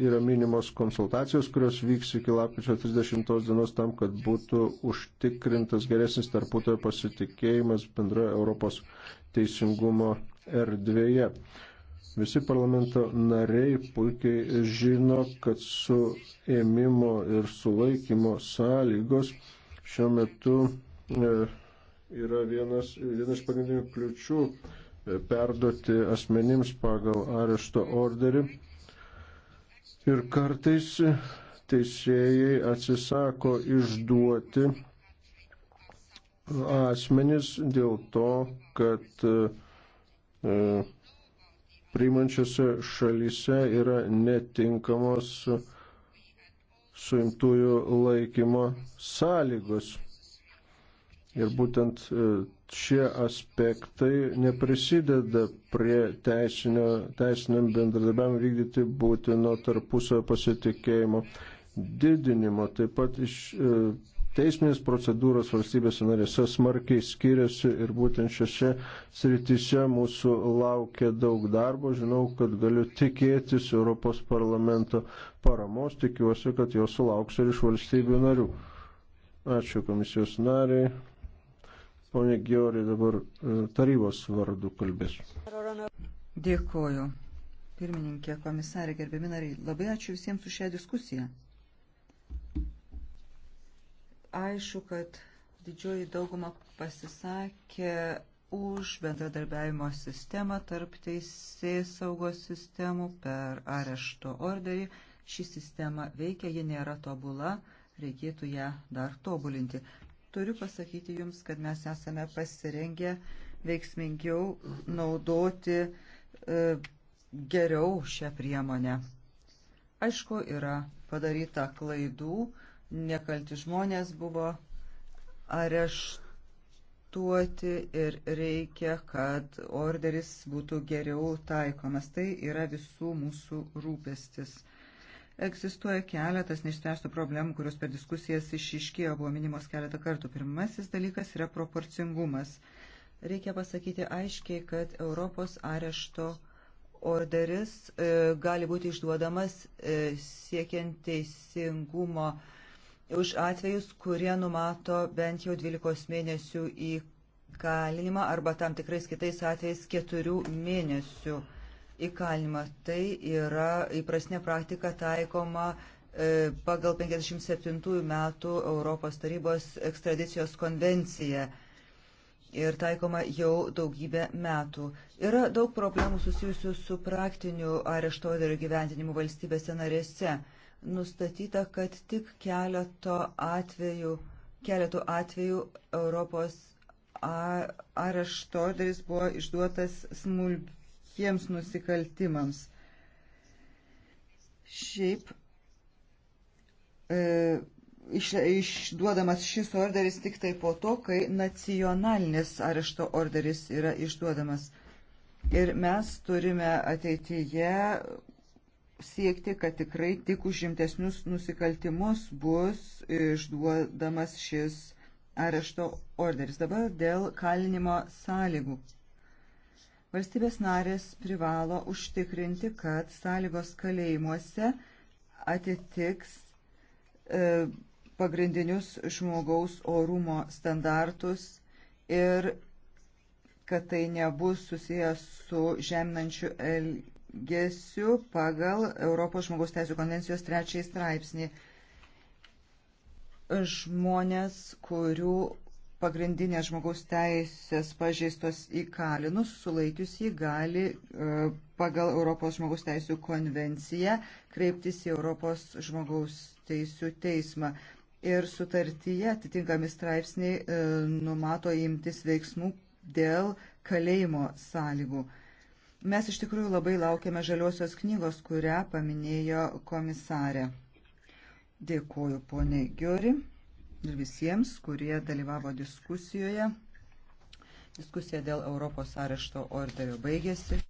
yra minimos konsultacijos, kurios vyks iki lapkričio 30 dienos tam, kad būtų užtikrintas geresnis tarputojo pasitikėjimas bendroje Europos teisingumo erdvėje. Visi parlamento nariai puikiai žino, kad su ėmimo ir sulaikymo sąlygos šiuo metu e, yra vienas, vienas pagrindinių kliučių e, perduoti asmenims pagal arešto orderį Ir kartais teisėjai atsisako išduoti asmenis dėl to, kad e, priimančiose šalyse yra netinkamos suimtųjų laikymo sąlygos. Ir būtent e, šie aspektai neprisideda prie teisinio, teisiniam bendradarbiavimui vykdyti būtino tarpusavio pasitikėjimo didinimo. Taip pat iš e, teisminės procedūros valstybės narėse smarkiai skiriasi ir būtent šiose srityse mūsų laukia daug darbo. Žinau, kad galiu tikėtis Europos parlamento paramos, tikiuosi, kad jos sulauks ir iš valstybių narių. Ačiū komisijos nariai. Pone Giori dabar e, tarybos vardu kalbės. Dėkuoju. Pirmininkė, komisarė, gerbiami nariai, labai ačiū visiems už šią diskusiją. Aišku, kad didžioji dauguma pasisakė už bendradarbiavimo sistemą tarp teisės saugos sistemų per arešto orderį. Ši sistema veikia, ji nėra tobula, reikėtų ją dar tobulinti. Turiu pasakyti Jums, kad mes esame pasirengę veiksmingiau naudoti e, geriau šią priemonę. Aišku, yra padaryta klaidų, nekalti žmonės buvo areštuoti ir reikia, kad orderis būtų geriau taikomas. Tai yra visų mūsų rūpestis. Egzistuoja keletas neišspręstų problemų, kurios per diskusijas išiškėjo, buvo minimos keletą kartų. Pirmasis dalykas yra proporcingumas. Reikia pasakyti aiškiai, kad Europos arešto orderis e, gali būti išduodamas e, siekiant teisingumo už atvejus, kurie numato bent jau 12 mėnesių įkalinimą arba tam tikrais kitais atvejais 4 mėnesių įkalinimą. Tai yra įprasnė praktika taikoma e, pagal 57 metų Europos tarybos ekstradicijos konvenciją ir taikoma jau daugybę metų. Yra daug problemų susijusių su praktiniu arešto orderio gyventinimu valstybėse narėse. Nustatyta, kad tik keleto atvejų, keletų atvejų Europos arešto orderis buvo išduotas smulkiai tokiems nusikaltimams. Šiaip e, iš, išduodamas šis orderis tik tai po to, kai nacionalinis arešto orderis yra išduodamas. Ir mes turime ateityje siekti, kad tikrai tik už žimtesnius nusikaltimus bus išduodamas šis arešto orderis. Dabar dėl kalinimo sąlygų. Valstybės narės privalo užtikrinti, kad sąlygos kalėjimuose atitiks e, pagrindinius žmogaus orumo standartus ir kad tai nebus susijęs su žeminančiu elgesiu pagal Europos žmogaus teisų konvencijos trečiai straipsnį žmonės, kurių pagrindinės žmogaus teisės pažeistos įkalinus, sulaikius jį gali e, pagal Europos žmogaus teisų konvenciją kreiptis į Europos žmogaus teisų teismą. Ir sutartyje atitinkami straipsniai e, numato imtis veiksmų dėl kalėjimo sąlygų. Mes iš tikrųjų labai laukiame žaliosios knygos, kurią paminėjo komisarė. Dėkuoju poniai Giori ir visiems, kurie dalyvavo diskusijoje. Diskusija dėl Europos arešto orderio baigėsi.